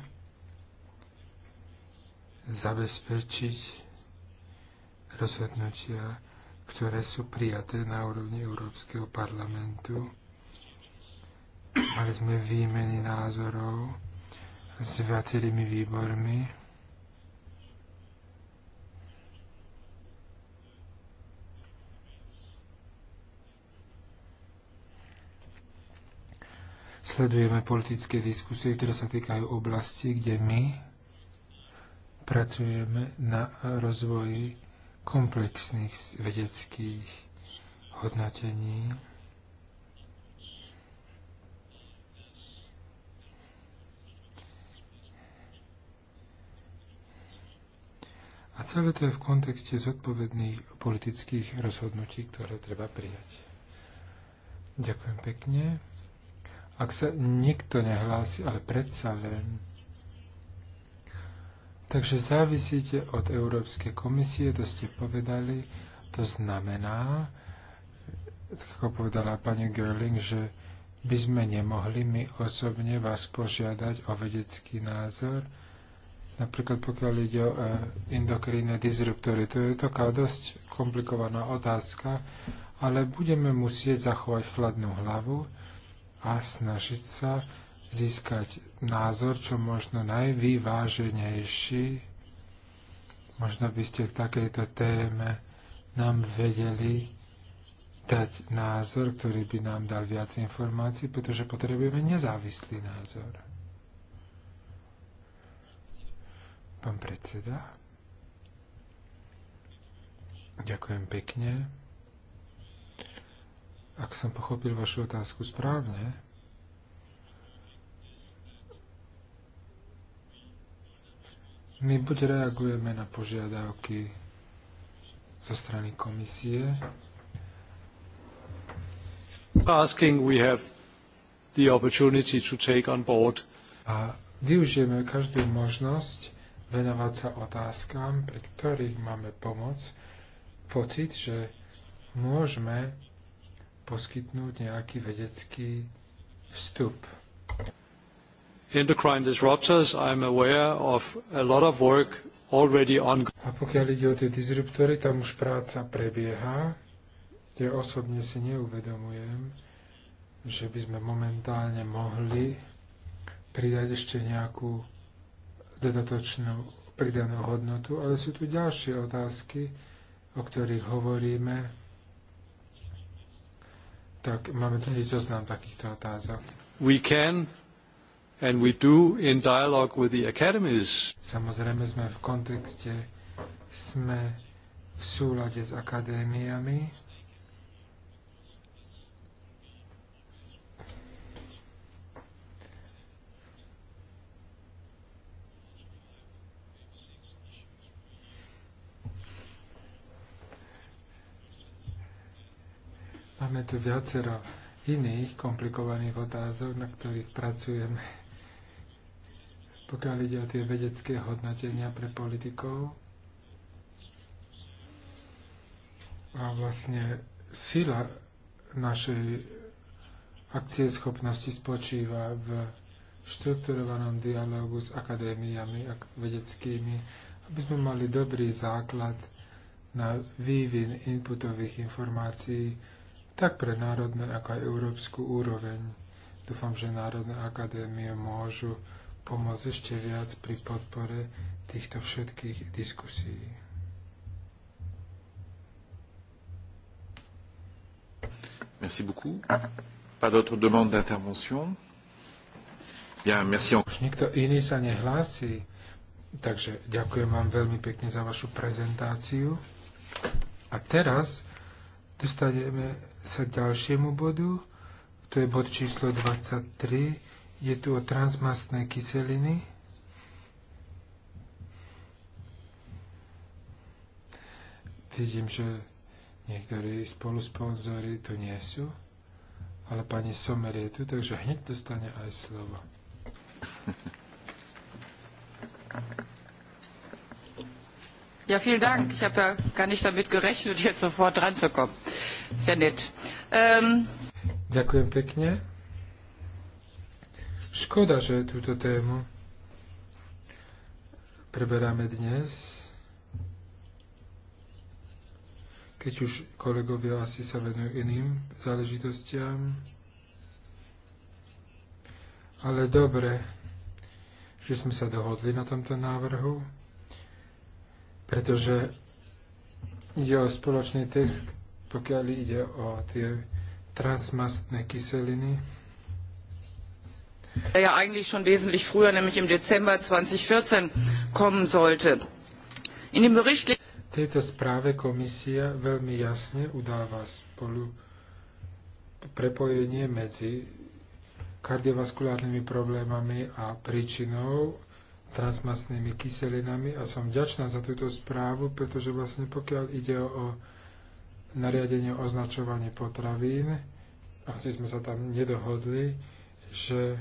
zabezpečiť rozhodnutia ktoré sú prijaté na úrovni Európskeho parlamentu. Mali sme výmeny názorov s viacerými výbormi. Sledujeme politické diskusie, ktoré sa týkajú oblasti, kde my pracujeme na rozvoji komplexných vedeckých hodnotení. A celé to je v kontexte zodpovedných politických rozhodnutí, ktoré treba prijať. Ďakujem pekne. Ak sa nikto nehlási, ale predsa len Takže závisíte od Európskej komisie, to ste povedali. To znamená, tak ako povedala pani Görling, že by sme nemohli my osobne vás požiadať o vedecký názor, napríklad pokiaľ ide o e, endokrinné disruptory. To je taká dosť komplikovaná otázka, ale budeme musieť zachovať chladnú hlavu a snažiť sa získať názor, čo možno najvyváženejší. Možno by ste k takejto téme nám vedeli dať názor, ktorý by nám dal viac informácií, pretože potrebujeme nezávislý názor. Pán predseda. Ďakujem pekne. Ak som pochopil vašu otázku správne, My buď reagujeme na požiadavky zo strany komisie, asking we have the opportunity to take on board. A využijeme každú možnosť venovať sa otázkam, pri ktorých máme pomoc, pocit, že môžeme poskytnúť nejaký vedecký vstup endocrine disruptors, I'm aware of a lot of work already on. A pokiaľ ide o tie disruptory, tam už práca prebieha. Ja osobne si neuvedomujem, že by sme momentálne mohli pridať ešte nejakú dodatočnú pridanú hodnotu, ale sú tu ďalšie otázky, o ktorých hovoríme. Tak máme tu zoznam takýchto otázok. We can And we do in dialogue with the academies. Samozrejme sme v kontexte, sme v súlade s akadémiami. Máme tu viacero iných komplikovaných otázok, na ktorých pracujeme pokiaľ ide o tie vedecké hodnotenia pre politikov. A vlastne sila našej akcieschopnosti spočíva v štrukturovanom dialogu s akadémiami a vedeckými, aby sme mali dobrý základ na vývin inputových informácií tak pre národné, ako aj európsku úroveň. Dúfam, že národné akadémie môžu pomôcť ešte viac pri podpore týchto všetkých diskusí. Merci beaucoup. Pas d'autre demande d'intervention? Bien, merci. Už nikto iný sa nehlási, takže ďakujem vám veľmi pekne za vašu prezentáciu. A teraz dostaneme sa k ďalšiemu bodu, to je bod číslo 23 je tu o transmastnej kyseliny. Vidím, že niektorí spolusponzory tu nie sú, ale pani Somer je tu, takže hneď dostane aj slovo. Ja, vielen Dank. Ich habe ja gar nicht damit gerechnet, jetzt sofort dran zu kommen. Sehr nett. Ähm, Ďakujem pekne. Škoda, že túto tému preberáme dnes, keď už kolegovia asi sa venujú iným záležitostiam. Ale dobre, že sme sa dohodli na tomto návrhu, pretože ide o spoločný text, pokiaľ ide o tie transmastné kyseliny der ja eigentlich schon wesentlich früher, nämlich im Dezember 2014 kommen sollte. In dem Bericht tejto správe komisia veľmi jasne udáva spolu prepojenie medzi kardiovaskulárnymi problémami a príčinou transmastnými kyselinami a som vďačná za túto správu, pretože vlastne pokiaľ ide o nariadenie označovanie potravín, asi sme sa tam nedohodli, že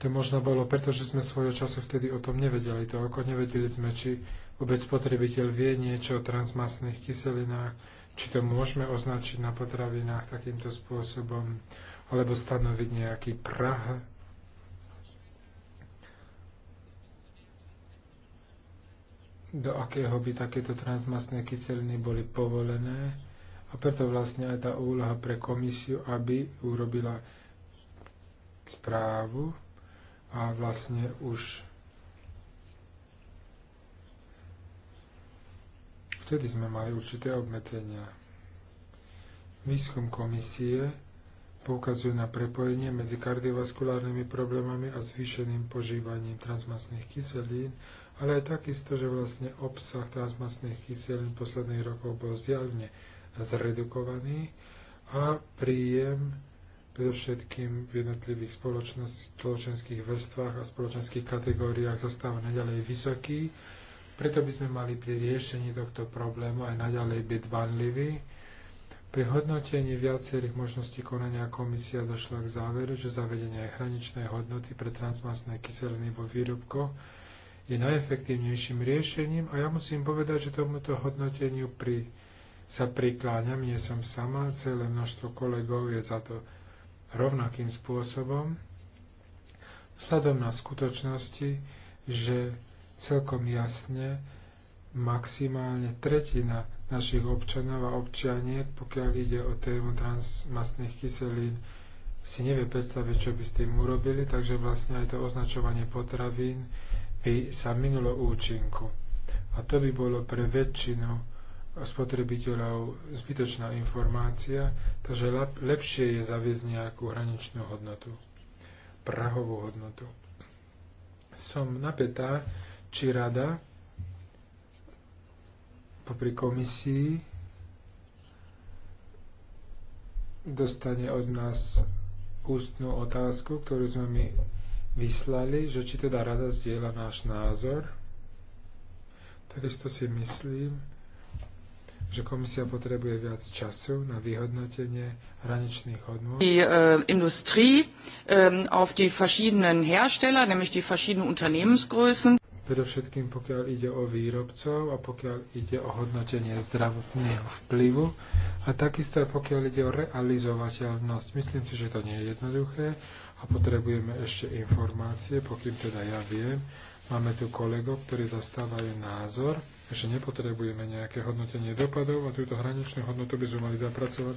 To možno bolo, pretože sme svojho času vtedy o tom nevedeli ako Nevedeli sme, či vôbec spotrebiteľ vie niečo o transmasných kyselinách, či to môžeme označiť na potravinách takýmto spôsobom, alebo stanoviť nejaký prah. do akého by takéto transmastné kyseliny boli povolené. A preto vlastne aj tá úloha pre komisiu, aby urobila správu, a vlastne už vtedy sme mali určité obmedzenia. Výskum komisie poukazuje na prepojenie medzi kardiovaskulárnymi problémami a zvýšeným požívaním transmasných kyselín, ale aj takisto, že vlastne obsah transmasných kyselín posledných rokov bol zjavne zredukovaný a príjem predovšetkým v jednotlivých spoločenských vrstvách a spoločenských kategóriách zostáva naďalej vysoký. Preto by sme mali pri riešení tohto problému aj naďalej byť vanliví. Pri hodnotení viacerých možností konania komisia došla k záveru, že zavedenie hraničnej hodnoty pre transmastné kyseliny vo výrobkoch je najefektívnejším riešením a ja musím povedať, že tomuto hodnoteniu pri, sa prikláňam, nie som sama, celé množstvo kolegov je za to rovnakým spôsobom, vzhľadom na skutočnosti, že celkom jasne maximálne tretina našich občanov a občianiek, pokiaľ ide o tému transmastných kyselín, si nevie predstaviť, čo by s tým urobili, takže vlastne aj to označovanie potravín by sa minulo účinku. A to by bolo pre väčšinu spotrebiteľov zbytočná informácia, takže lepšie je zaviesť nejakú hraničnú hodnotu, prahovú hodnotu. Som napätá, či rada popri komisii dostane od nás ústnú otázku, ktorú sme mi vyslali, že či teda rada zdieľa náš názor. Takisto si myslím, že komisia potrebuje viac času na vyhodnotenie hraničných hodnôt. Die äh, Industrie äh, auf die verschiedenen Hersteller, nämlich die verschiedenen Unternehmensgrößen. Predovšetkým pokiaľ ide o výrobcov a pokiaľ ide o hodnotenie zdravotného vplyvu a takisto aj pokiaľ ide o realizovateľnosť. Myslím si, že to nie je jednoduché a potrebujeme ešte informácie, pokým teda ja viem. Máme tu kolegov, ktorí zastávajú názor, že nepotrebujeme nejaké hodnotenie dopadov a túto hraničnú hodnotu by sme mali zapracovať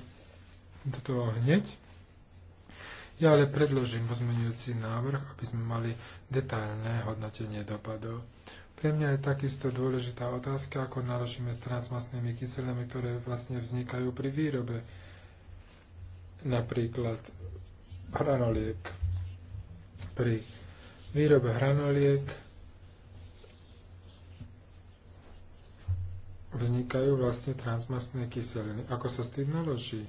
do toho hneď. Ja ale predložím pozmeňujúci návrh, aby sme mali detailné hodnotenie dopadov. Pre mňa je takisto dôležitá otázka, ako naložíme s transmastnými kyselinami, ktoré vlastne vznikajú pri výrobe napríklad hranoliek. Pri výrobe hranoliek vznikajú vlastne transmastné kyseliny. Ako sa s tým naloží?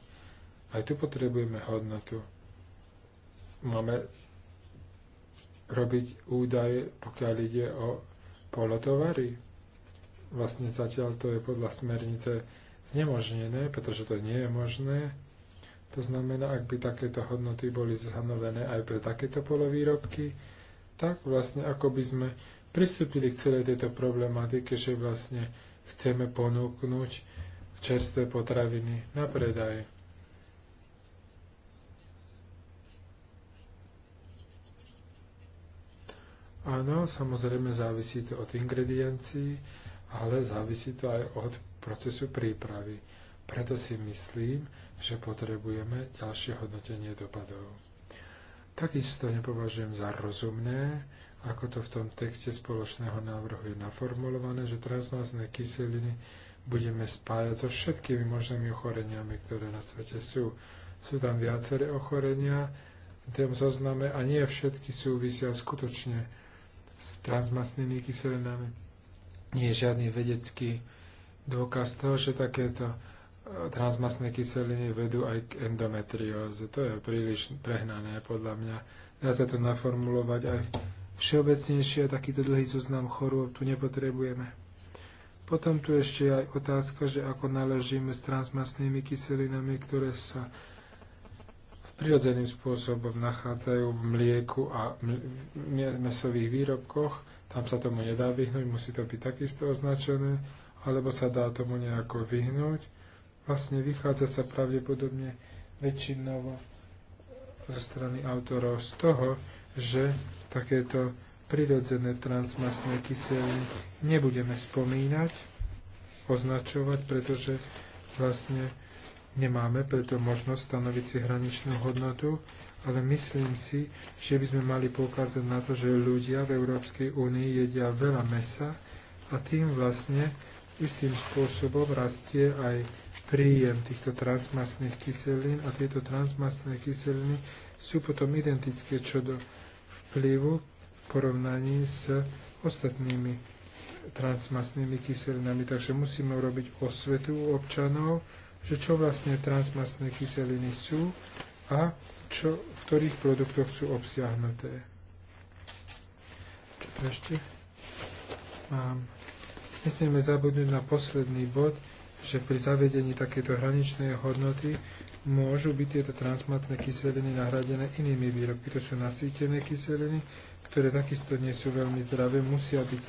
Aj tu potrebujeme hodnotu. Máme robiť údaje, pokiaľ ide o polotovary. Vlastne zatiaľ to je podľa smernice znemožnené, pretože to nie je možné. To znamená, ak by takéto hodnoty boli zhanovené aj pre takéto polovýrobky, tak vlastne ako by sme pristúpili k celej tejto problematike, že vlastne chceme ponúknuť čerstvé potraviny na predaj. Áno, samozrejme závisí to od ingrediencií, ale závisí to aj od procesu prípravy. Preto si myslím, že potrebujeme ďalšie hodnotenie dopadov. Takisto nepovažujem za rozumné ako to v tom texte spoločného návrhu je naformulované, že transmazné kyseliny budeme spájať so všetkými možnými ochoreniami, ktoré na svete sú. Sú tam viaceré ochorenia v tom zozname a nie všetky súvisia skutočne s transmastnými kyselinami. Nie je žiadny vedecký dôkaz toho, že takéto e, transmastné kyseliny vedú aj k endometrióze. To je príliš prehnané podľa mňa. Dá sa to naformulovať aj všeobecnejšie a takýto dlhý zoznam chorôb tu nepotrebujeme. Potom tu ešte aj otázka, že ako naložíme s transmastnými kyselinami, ktoré sa prirodzeným spôsobom nachádzajú v mlieku a mesových výrobkoch. Tam sa tomu nedá vyhnúť, musí to byť takisto označené, alebo sa dá tomu nejako vyhnúť. Vlastne vychádza sa pravdepodobne väčšinovo zo strany autorov z toho, že takéto prirodzené transmasné kyseliny nebudeme spomínať, označovať, pretože vlastne nemáme preto možnosť stanoviť si hraničnú hodnotu, ale myslím si, že by sme mali poukázať na to, že ľudia v Európskej únii jedia veľa mesa a tým vlastne istým spôsobom rastie aj príjem týchto transmasných kyselín a tieto transmasné kyseliny sú potom identické čo do vplyvu v porovnaní s ostatnými transmasnými kyselinami. Takže musíme urobiť osvetu u občanov, že čo vlastne transmasné kyseliny sú a čo, v ktorých produktoch sú obsiahnuté. Čo to ešte? Mám. Nesmieme zabudnúť na posledný bod, že pri zavedení takéto hraničnej hodnoty môžu byť tieto transmatné kyseliny nahradené inými výrobky. To sú nasýtené kyseliny, ktoré takisto nie sú veľmi zdravé, musia byť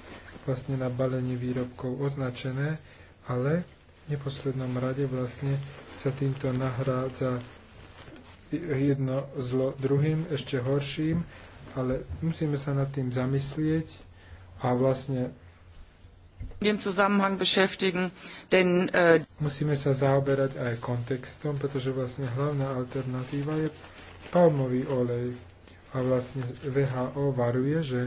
vlastne na balení výrobkov označené, ale v neposlednom rade vlastne sa týmto nahrádza jedno zlo druhým, ešte horším, ale musíme sa nad tým zamyslieť a vlastne Äh, Musíme sa zaoberať aj kontextom, pretože vlastne hlavná alternatíva je palmový olej. A vlastne VHO varuje, že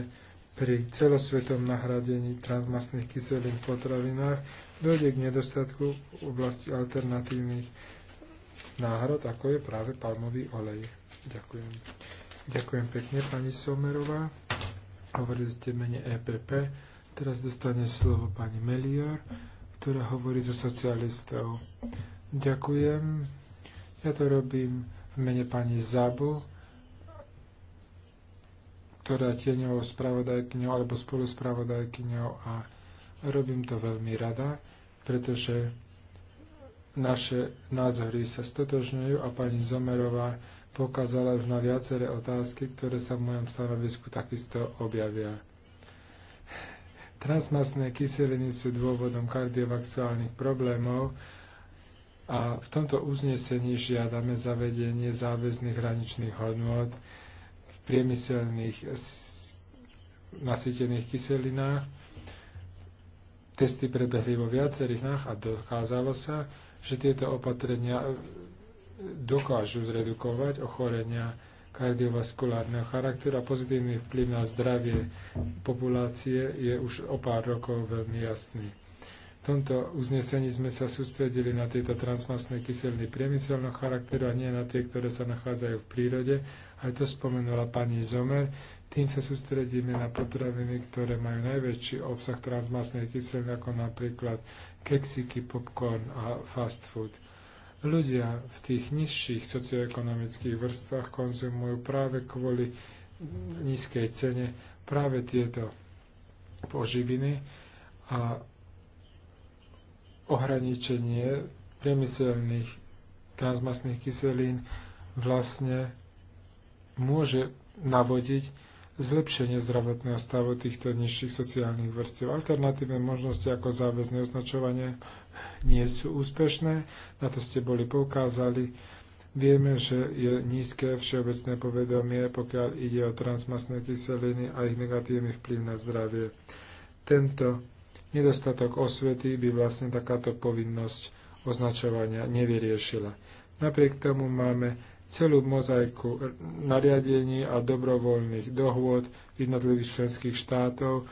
pri celosvetom nahradení transmastných kyselín v potravinách dojde k nedostatku v oblasti alternatívnych náhrad, ako je práve palmový olej. Ďakujem. Ďakujem pekne, pani Somerová. Hovorili ste mene EPP. Teraz dostane slovo pani Melior, ktorá hovorí so socialistou. Ďakujem. Ja to robím v mene pani Zabu, ktorá tieňovou spravodajkyňou alebo spoluspravodajkyňou a robím to veľmi rada, pretože naše názory sa stotožňujú a pani Zomerová pokázala už na viaceré otázky, ktoré sa v mojom stanovisku takisto objavia. Transmasné kyseliny sú dôvodom kardiovaxuálnych problémov a v tomto uznesení žiadame zavedenie záväzných hraničných hodnot v priemyselných nasýtených kyselinách. Testy prebehli vo viacerých nách a dokázalo sa, že tieto opatrenia dokážu zredukovať ochorenia kardiovaskulárneho charakteru a pozitívny vplyv na zdravie populácie je už o pár rokov veľmi jasný. V tomto uznesení sme sa sústredili na tieto transmasné kyseliny priemyselného charakteru a nie na tie, ktoré sa nachádzajú v prírode. Aj to spomenula pani Zomer. Tým sa sústredíme na potraviny, ktoré majú najväčší obsah transmasnej kyseliny, ako napríklad keksiky, popcorn a fast food. Ľudia v tých nižších socioekonomických vrstvách konzumujú práve kvôli nízkej cene práve tieto poživiny a ohraničenie priemyselných transmastných kyselín vlastne môže navodiť zlepšenie zdravotného stavu týchto nižších sociálnych vrstiev. Alternatívne možnosti ako záväzne označovanie nie sú úspešné. Na to ste boli poukázali. Vieme, že je nízke všeobecné povedomie, pokiaľ ide o transmasné kyseliny a ich negatívny vplyv na zdravie. Tento nedostatok osvety by vlastne takáto povinnosť označovania nevyriešila. Napriek tomu máme celú mozaiku nariadení a dobrovoľných dohôd jednotlivých členských štátov,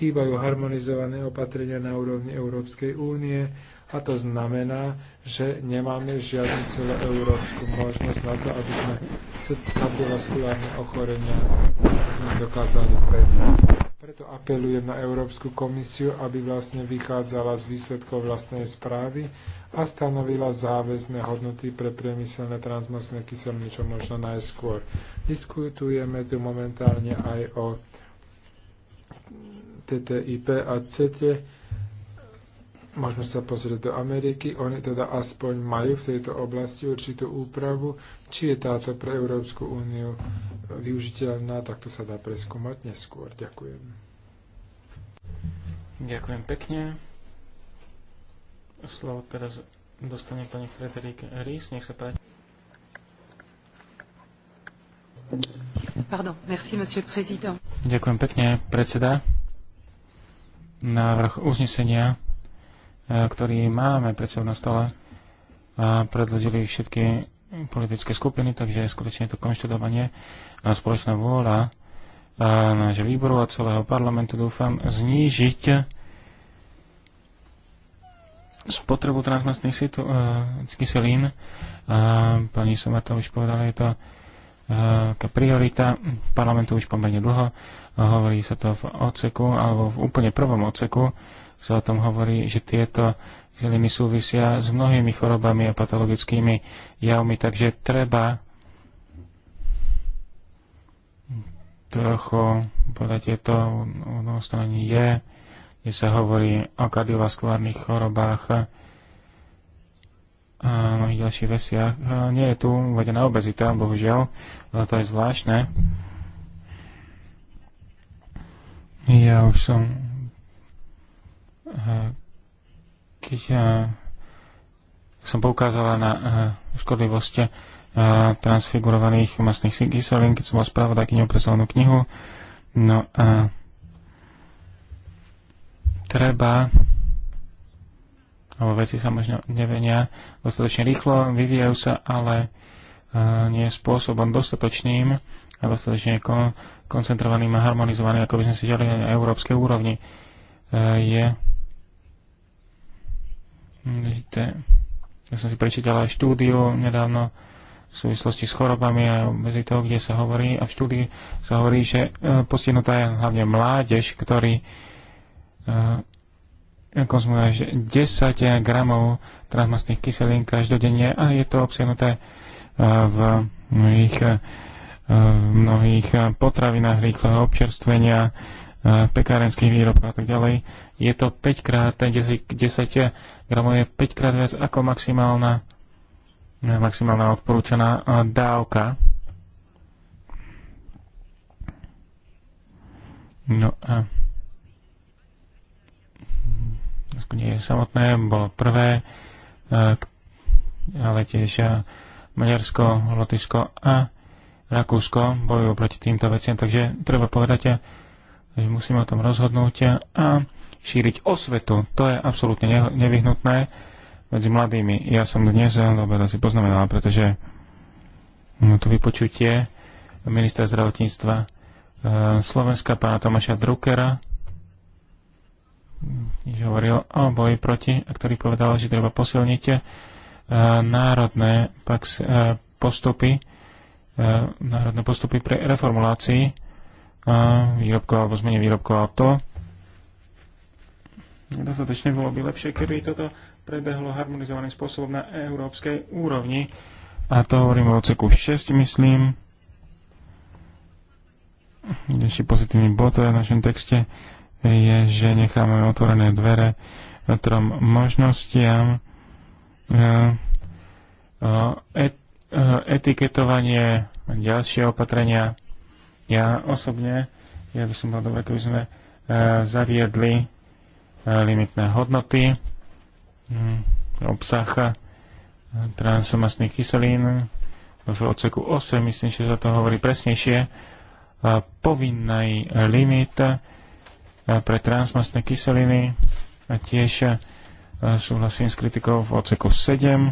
chýbajú harmonizované opatrenia na úrovni Európskej únie, a to znamená, že nemáme žiadnu celoeurópsku možnosť na to, aby sme kardiovaskulárne ochorenia sme dokázali predvídať. Preto apelujem na Európsku komisiu, aby vlastne vychádzala z výsledkov vlastnej správy a stanovila záväzné hodnoty pre priemyselné transmasné kyseliny, čo možno najskôr. Diskutujeme tu momentálne aj o TTIP a CETE Môžeme sa pozrieť do Ameriky, oni teda aspoň majú v tejto oblasti určitú úpravu, či je táto pre Európsku úniu využiteľná, tak to sa dá preskúmať neskôr. Ďakujem. Ďakujem pekne. Slovo teraz dostane pani Frederik Ries, nech sa páči. Pardon, merci, monsieur le président. Ďakujem pekne, predseda. Návrh uznesenia E, ktorý máme pred sebou na stole, a predložili všetky politické skupiny, takže skutočne to konštudovanie a spoločná vôľa e, nášho výboru a celého parlamentu dúfam znížiť spotrebu transmastných e, kyselín. Pani Somer to už povedala, je to aká priorita parlamentu už pomerne dlho. Hovorí sa to v odseku, alebo v úplne prvom odseku sa o tom hovorí, že tieto zeliny súvisia s mnohými chorobami a patologickými javmi, takže treba trochu povedať, je to na je, kde sa hovorí o kardiovaskulárnych chorobách a mnohých ďalších vesiach. nie je tu uvedená obezita, bohužiaľ, ale to je zvláštne. Ja už som keď eh, som poukázala na eh, škodlivosť eh, transfigurovaných masných kyselín, keď som bola spravodajkyňou pre zelenú knihu. No a treba alebo veci sa možno nevenia dostatočne rýchlo, vyvíjajú sa, ale nie spôsobom dostatočným a dostatočne koncentrovaným a harmonizovaným, ako by sme si ďali na európskej úrovni. Je dôležité. Ja som si aj štúdiu nedávno v súvislosti s chorobami a medzi toho, kde sa hovorí, a v štúdii sa hovorí, že e, postihnutá je hlavne mládež, ktorý e, konzumuje až 10 gramov transmastných kyselín každodenne a je to obsiahnuté e, v mnohých, v mnohých potravinách rýchleho občerstvenia, E, pekárenských výrobkov a tak ďalej. Je to 5 krát, 10, 10 gramov je 5 krát viac ako maximálna, e, maximálna odporúčaná e, dávka. No a nie je samotné, bolo prvé, ale tiež Maďarsko, Lotyšsko a Rakúsko bojujú proti týmto veciam, takže treba povedať, Takže musíme o tom rozhodnúť a šíriť osvetu. To je absolútne nevyhnutné medzi mladými. Ja som dnes dobre si poznamenal, pretože no, to vypočutie ministra zdravotníctva e, Slovenska, pána Tomáša Druckera, ktorý hovoril o boji proti, a ktorý povedal, že treba posilniť e, národné e, postupy, národné postupy pre reformulácii výrobkov alebo zmene výrobkov a to nedostatečne bolo by lepšie, keby toto prebehlo harmonizovaným spôsobom na európskej úrovni. A to hovorím o odseku 6, myslím. Ešte pozitívny bod v našom texte je, že necháme otvorené dvere trom možnostiam. etiketovanie, ďalšie opatrenia ja osobne, ja by som bol dobre, keby sme e, zaviedli e, limitné hodnoty, m, mm, obsah e, transmastných kyselín v odseku 8, myslím, že sa to hovorí presnejšie, e, povinný limit e, pre transmastné kyseliny a tiež súhlasím s kritikou v odseku 7.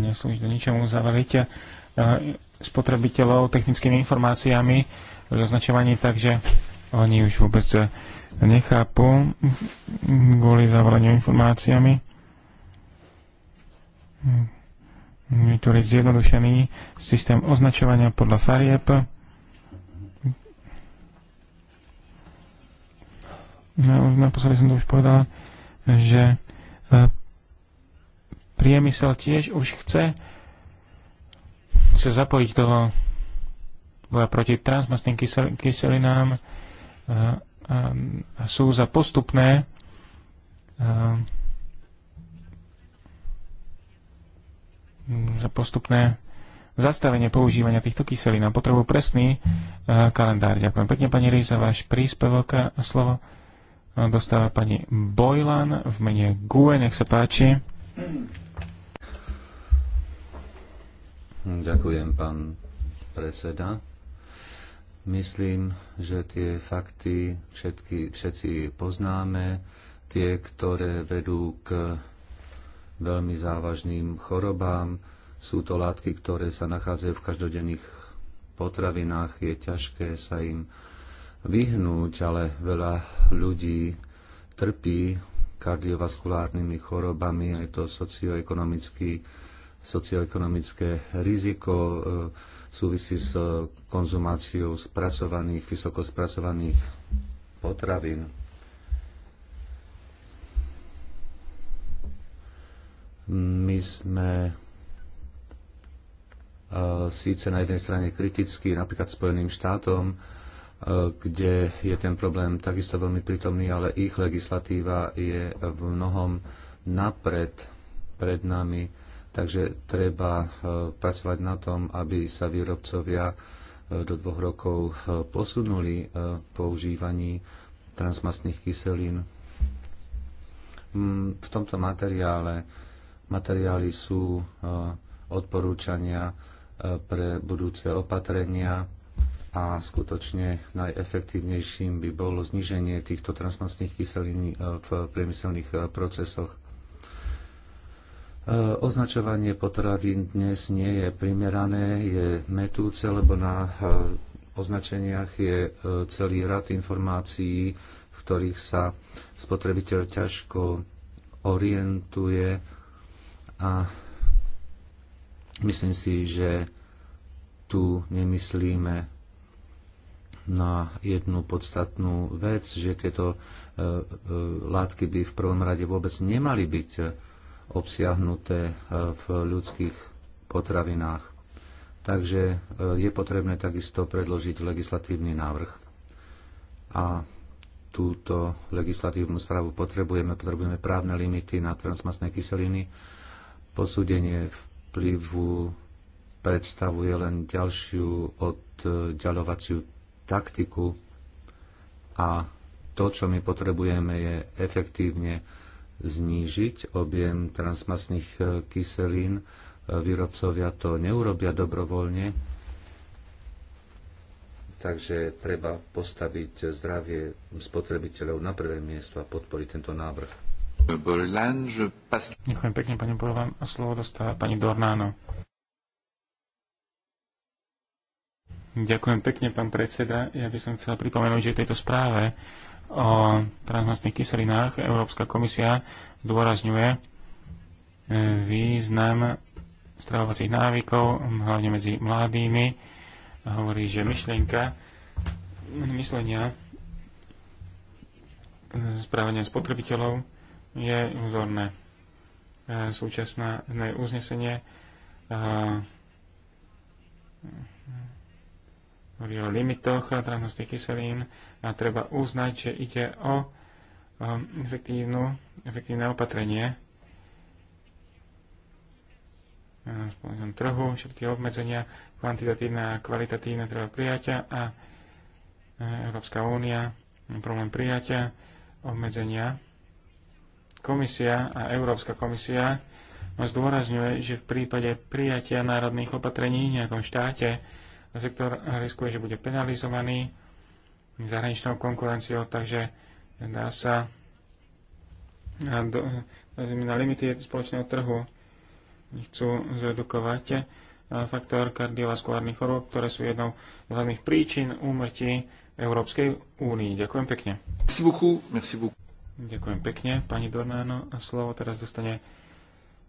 Neslúži to ničomu zavaliť spotrebiteľov technickými informáciami pri označovaní, takže oni už vôbec eh, nechápu kvôli zavoleniu informáciami. Hm. Je tu zjednodušený systém označovania podľa farieb. No, naposledy som to už povedal, že eh, priemysel tiež už chce sa zapojiť do boja proti transmastným kysel, kyselinám a, eh, a, a sú za postupné a, eh, za postupné zastavenie používania týchto kyselín a potrebu presný a, eh, kalendár. Ďakujem pekne, pani Rís, za váš príspevok a slovo dostáva pani Bojlan v mene GUE. Nech sa páči. Ďakujem, pán predseda. Myslím, že tie fakty všetky, všetci poznáme, tie, ktoré vedú k veľmi závažným chorobám. Sú to látky, ktoré sa nachádzajú v každodenných potravinách. Je ťažké sa im vyhnúť, ale veľa ľudí trpí kardiovaskulárnymi chorobami, aj to socioekonomický socioekonomické riziko e, súvisí s konzumáciou spracovaných, vysoko spracovaných potravín. My sme e, síce na jednej strane kritický napríklad Spojeným štátom, e, kde je ten problém takisto veľmi prítomný, ale ich legislatíva je v mnohom napred pred nami Takže treba e, pracovať na tom, aby sa výrobcovia e, do dvoch rokov e, posunuli používaní transmastných kyselín. Mm, v tomto materiále materiály sú odporúčania pre budúce opatrenia a skutočne najefektívnejším by bolo zníženie týchto transmastných kyselín v priemyselných procesoch Eh, označovanie potravín dnes nie je primerané, je metúce, lebo na eh, označeniach je eh, celý rad informácií, v ktorých sa spotrebiteľ ťažko orientuje a myslím si, že tu nemyslíme na jednu podstatnú vec, že tieto látky by v prvom rade vôbec nemali byť obsiahnuté e, v ľudských potravinách. Takže e, je potrebné takisto predložiť legislatívny návrh. A túto legislatívnu správu potrebujeme. Potrebujeme právne limity na transmastné kyseliny. Posúdenie vplyvu predstavuje len ďalšiu oddialovaciu taktiku a to, čo my potrebujeme, je efektívne znížiť objem transmasných e, kyselín. E, výrobcovia to neurobia dobrovoľne, takže treba postaviť zdravie spotrebiteľov na prvé miesto a podporiť tento návrh. Ďakujem pekne, pani Borlán. A slovo dostáva pani Dornáno. Ďakujem pekne, pán predseda. Ja by som chcel pripomenúť, že v tejto správe o transmastných kyselinách Európska komisia zdôrazňuje e, význam stravovacích návykov, hlavne medzi mladými. Hovorí, že myšlienka myslenia e, správania spotrebiteľov je vzorné. E, súčasné uznesenie hovorí o limitoch transnostných kyselín a treba uznať, že ide o um, efektívnu, efektívne opatrenie na spoločnom trhu, všetky obmedzenia kvantitatívne a kvalitatívne treba prijaťa a Európska únia problém prijaťa, obmedzenia. Komisia a Európska komisia zdôrazňuje, že v prípade prijatia národných opatrení v nejakom štáte sektor riskuje, že bude penalizovaný zahraničnou konkurenciou, takže dá sa na limity spoločného trhu chcú zredukovať e, faktor kardiovaskulárnych chorôb, ktoré sú jednou z hlavných príčin úmrtí Európskej únii. Ďakujem pekne. Merci beaucoup. Merci beaucoup. Ďakujem pekne, pani Dornáno. A slovo teraz dostane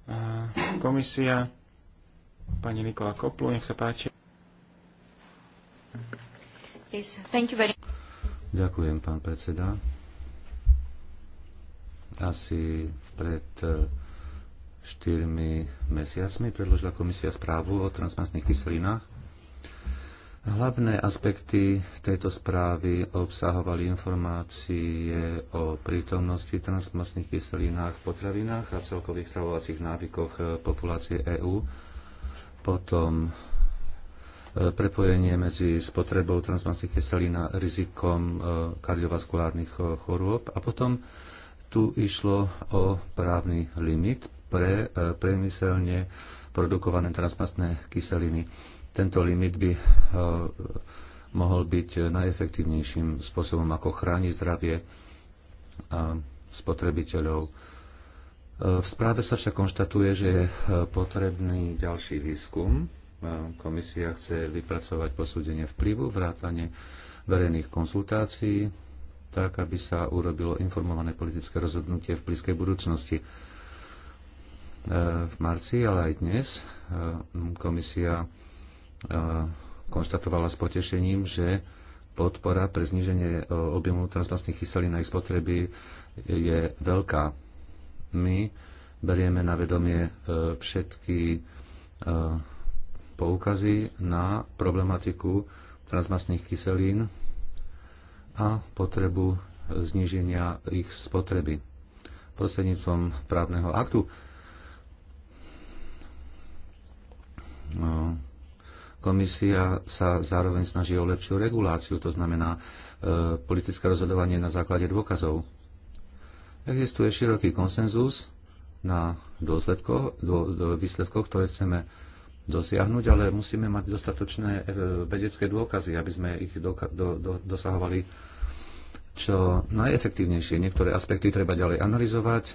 e, komisia. Pani Nikola Koplu, nech sa páči. Ďakujem, pán predseda. Asi pred e, štyrmi mesiacmi predložila komisia správu o transmastných kyselinách. Hlavné aspekty tejto správy obsahovali informácie o prítomnosti transmastných kyselinách v potravinách a celkových stravovacích návykoch e, populácie EÚ, potom prepojenie medzi spotrebou transmastných kyselín a rizikom e, kardiovaskulárnych e, chorôb. A potom tu išlo o právny limit pre e, priemyselne produkované transmastné kyseliny. Tento limit by mohol byť najefektívnejším spôsobom, ako chrániť zdravie spotrebiteľov. V správe sa však konštatuje, že je potrebný ďalší výskum Komisia chce vypracovať posúdenie vplyvu, vrátanie verejných konzultácií, tak, aby sa urobilo informované politické rozhodnutie v blízkej budúcnosti. E, v marci, ale aj dnes, e, komisia e, konštatovala s potešením, že podpora pre zníženie objemu transplantných kyselín na ich spotreby je veľká. My berieme na vedomie všetky poukazy na problematiku transmastných kyselín a potrebu zníženia ich spotreby prostredníctvom právneho aktu. No, komisia sa zároveň snaží o lepšiu reguláciu, to znamená e, politické rozhodovanie na základe dôkazov. Existuje široký konsenzus na dôsledko, dô, dô, výsledkoch, ktoré chceme dosiahnuť, ale musíme mať dostatočné e, vedecké dôkazy, aby sme ich do, do, do, dosahovali čo najefektívnejšie. Niektoré aspekty treba ďalej analyzovať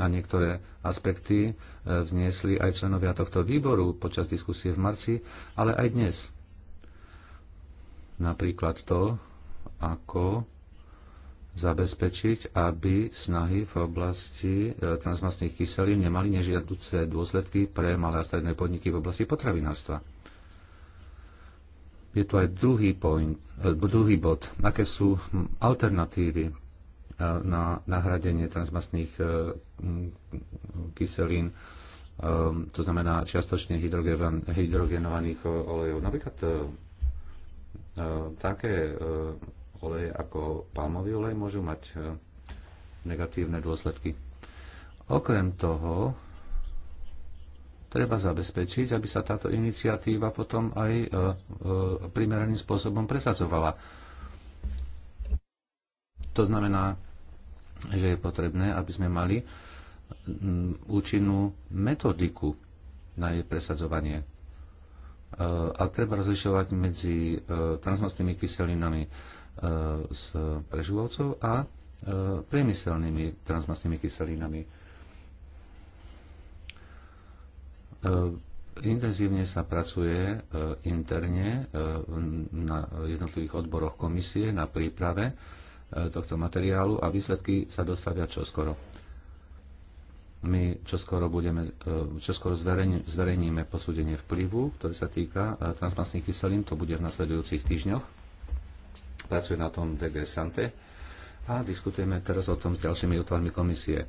a niektoré aspekty e, vzniesli aj členovia tohto výboru počas diskusie v marci, ale aj dnes. Napríklad to, ako zabezpečiť, aby snahy v oblasti e, transmastných kyselín nemali nežiaduce dôsledky pre malé a stredné podniky v oblasti potravinárstva. Je tu aj druhý, point, e, druhý bod. Aké sú alternatívy e, na nahradenie transmastných kyselín, ehm, to znamená čiastočne hydrogenovaných olejov. Napríklad také olej ako palmový olej môžu mať e, negatívne dôsledky. Okrem toho, treba zabezpečiť, aby sa táto iniciatíva potom aj e, e, primeraným spôsobom presadzovala. To znamená, že je potrebné, aby sme mali účinnú metodiku na jej presadzovanie. A treba rozlišovať medzi transmostnými kyselinami s preživovcov a e, priemyselnými transmastnými kyselinami. E, intenzívne sa pracuje e, interne na jednotlivých odboroch komisie na príprave tohto materiálu a výsledky sa dostavia čoskoro. My čoskoro, budeme, čoskoro zverejni, zverejníme posúdenie vplyvu, ktoré sa týka transmastných kyselín. To bude v nasledujúcich týždňoch Pracuje na tom DG Sante a diskutujeme teraz o tom s ďalšími útvarmi komisie.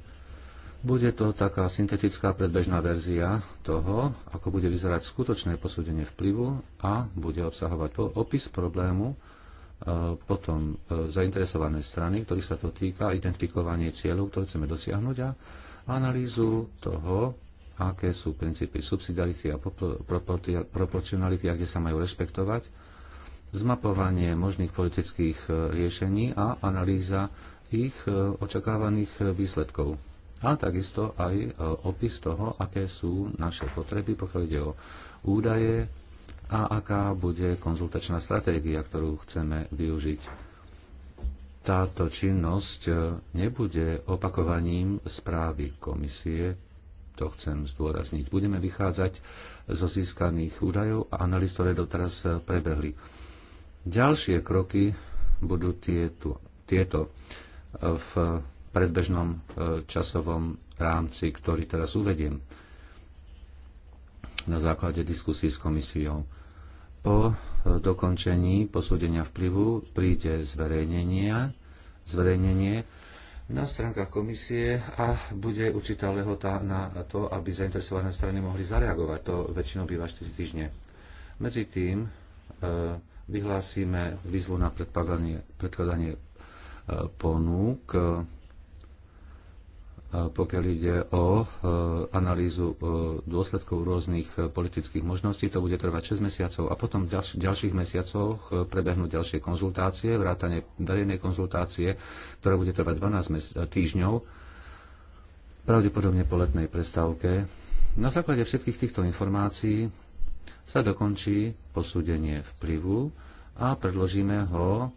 Bude to taká syntetická predbežná verzia toho, ako bude vyzerať skutočné posúdenie vplyvu a bude obsahovať opis problému, e, potom e, zainteresované strany, ktorý sa to týka, identifikovanie cieľov, ktoré chceme dosiahnuť a analýzu toho, aké sú princípy subsidiarity a proporcionality a kde sa majú rešpektovať zmapovanie možných politických e, riešení a analýza ich e, očakávaných e, výsledkov. A takisto aj opis toho, aké sú naše potreby, pokiaľ ide o údaje a aká bude konzultačná stratégia, ktorú chceme využiť. Táto činnosť nebude opakovaním správy komisie, to chcem zdôrazniť. Budeme vychádzať zo získaných údajov a analýz, ktoré doteraz prebehli Ďalšie kroky budú tieto, tieto e, v predbežnom e, časovom rámci, ktorý teraz uvediem na základe diskusí s komisiou. Po e, dokončení posúdenia vplyvu príde zverejnenia, zverejnenie na stránkach komisie a bude určitá lehota na to, aby zainteresované strany mohli zareagovať. To väčšinou býva 4 týždne. Medzi tým e, vyhlásime výzvu na predkladanie, predkladanie e, ponúk, e, e, pokiaľ ide o analýzu dôsledkov rôznych politických možností. To bude trvať 6 mesiacov a potom v ďalších mesiacoch prebehnú ďalšie konzultácie, vrátanie verejnej konzultácie, ktorá bude trvať 12 týždňov, pravdepodobne po letnej prestávke. Na základe všetkých týchto informácií sa dokončí posúdenie vplyvu a predložíme ho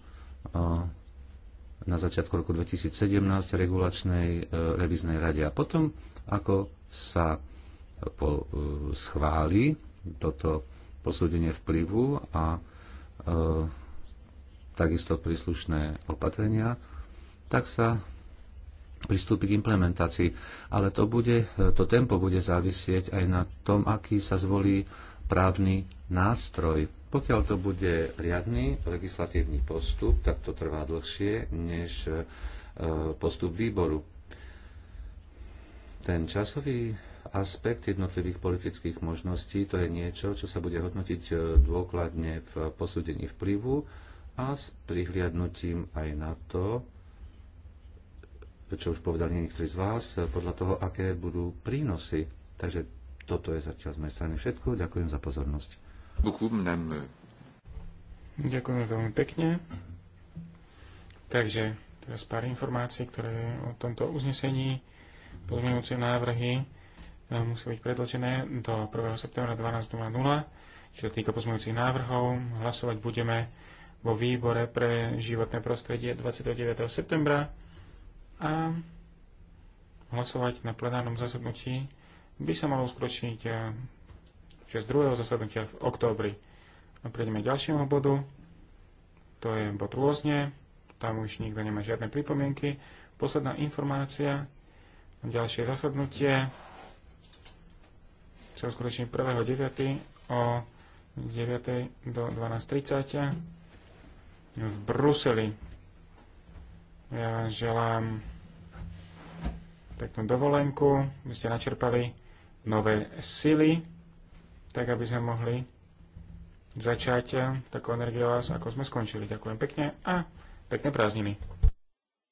na začiatku roku 2017 regulačnej e, reviznej rade. A potom, ako sa e, schváli toto posúdenie vplyvu a e, takisto príslušné opatrenia, tak sa pristúpi k implementácii. Ale to, bude, to tempo bude závisieť aj na tom, aký sa zvolí právny nástroj. Pokiaľ to bude riadny legislatívny postup, tak to trvá dlhšie než e, postup výboru. Ten časový aspekt jednotlivých politických možností to je niečo, čo sa bude hodnotiť e, dôkladne v posúdení vplyvu a s prihliadnutím aj na to, čo už povedali niektorí z vás, e, podľa toho, aké budú prínosy. Takže toto je zatiaľ z mojej strany všetko. Ďakujem za pozornosť. Ďakujem veľmi pekne. Takže teraz pár informácií, ktoré o tomto uznesení pozmeňujúce návrhy e, musí byť predložené do 1. septembra 12.00. Čo sa týka pozmeňujúcich návrhov, hlasovať budeme vo výbore pre životné prostredie 29. septembra a hlasovať na plenárnom zasadnutí by sa malo uskutočniť z eh, druhého zasadnutia v októbri. A prejdeme k ďalšiemu bodu. To je bod rôzne. Tam už nikto nemá žiadne pripomienky. Posledná informácia. Ďalšie zasadnutie sa uskutoční 1.9. o 9. do 12.30 v Bruseli. Ja vám želám peknú dovolenku, by ste načerpali nové sily, tak aby sme mohli začať takou energiou, ako sme skončili. Ďakujem pekne a pekné prázdniny.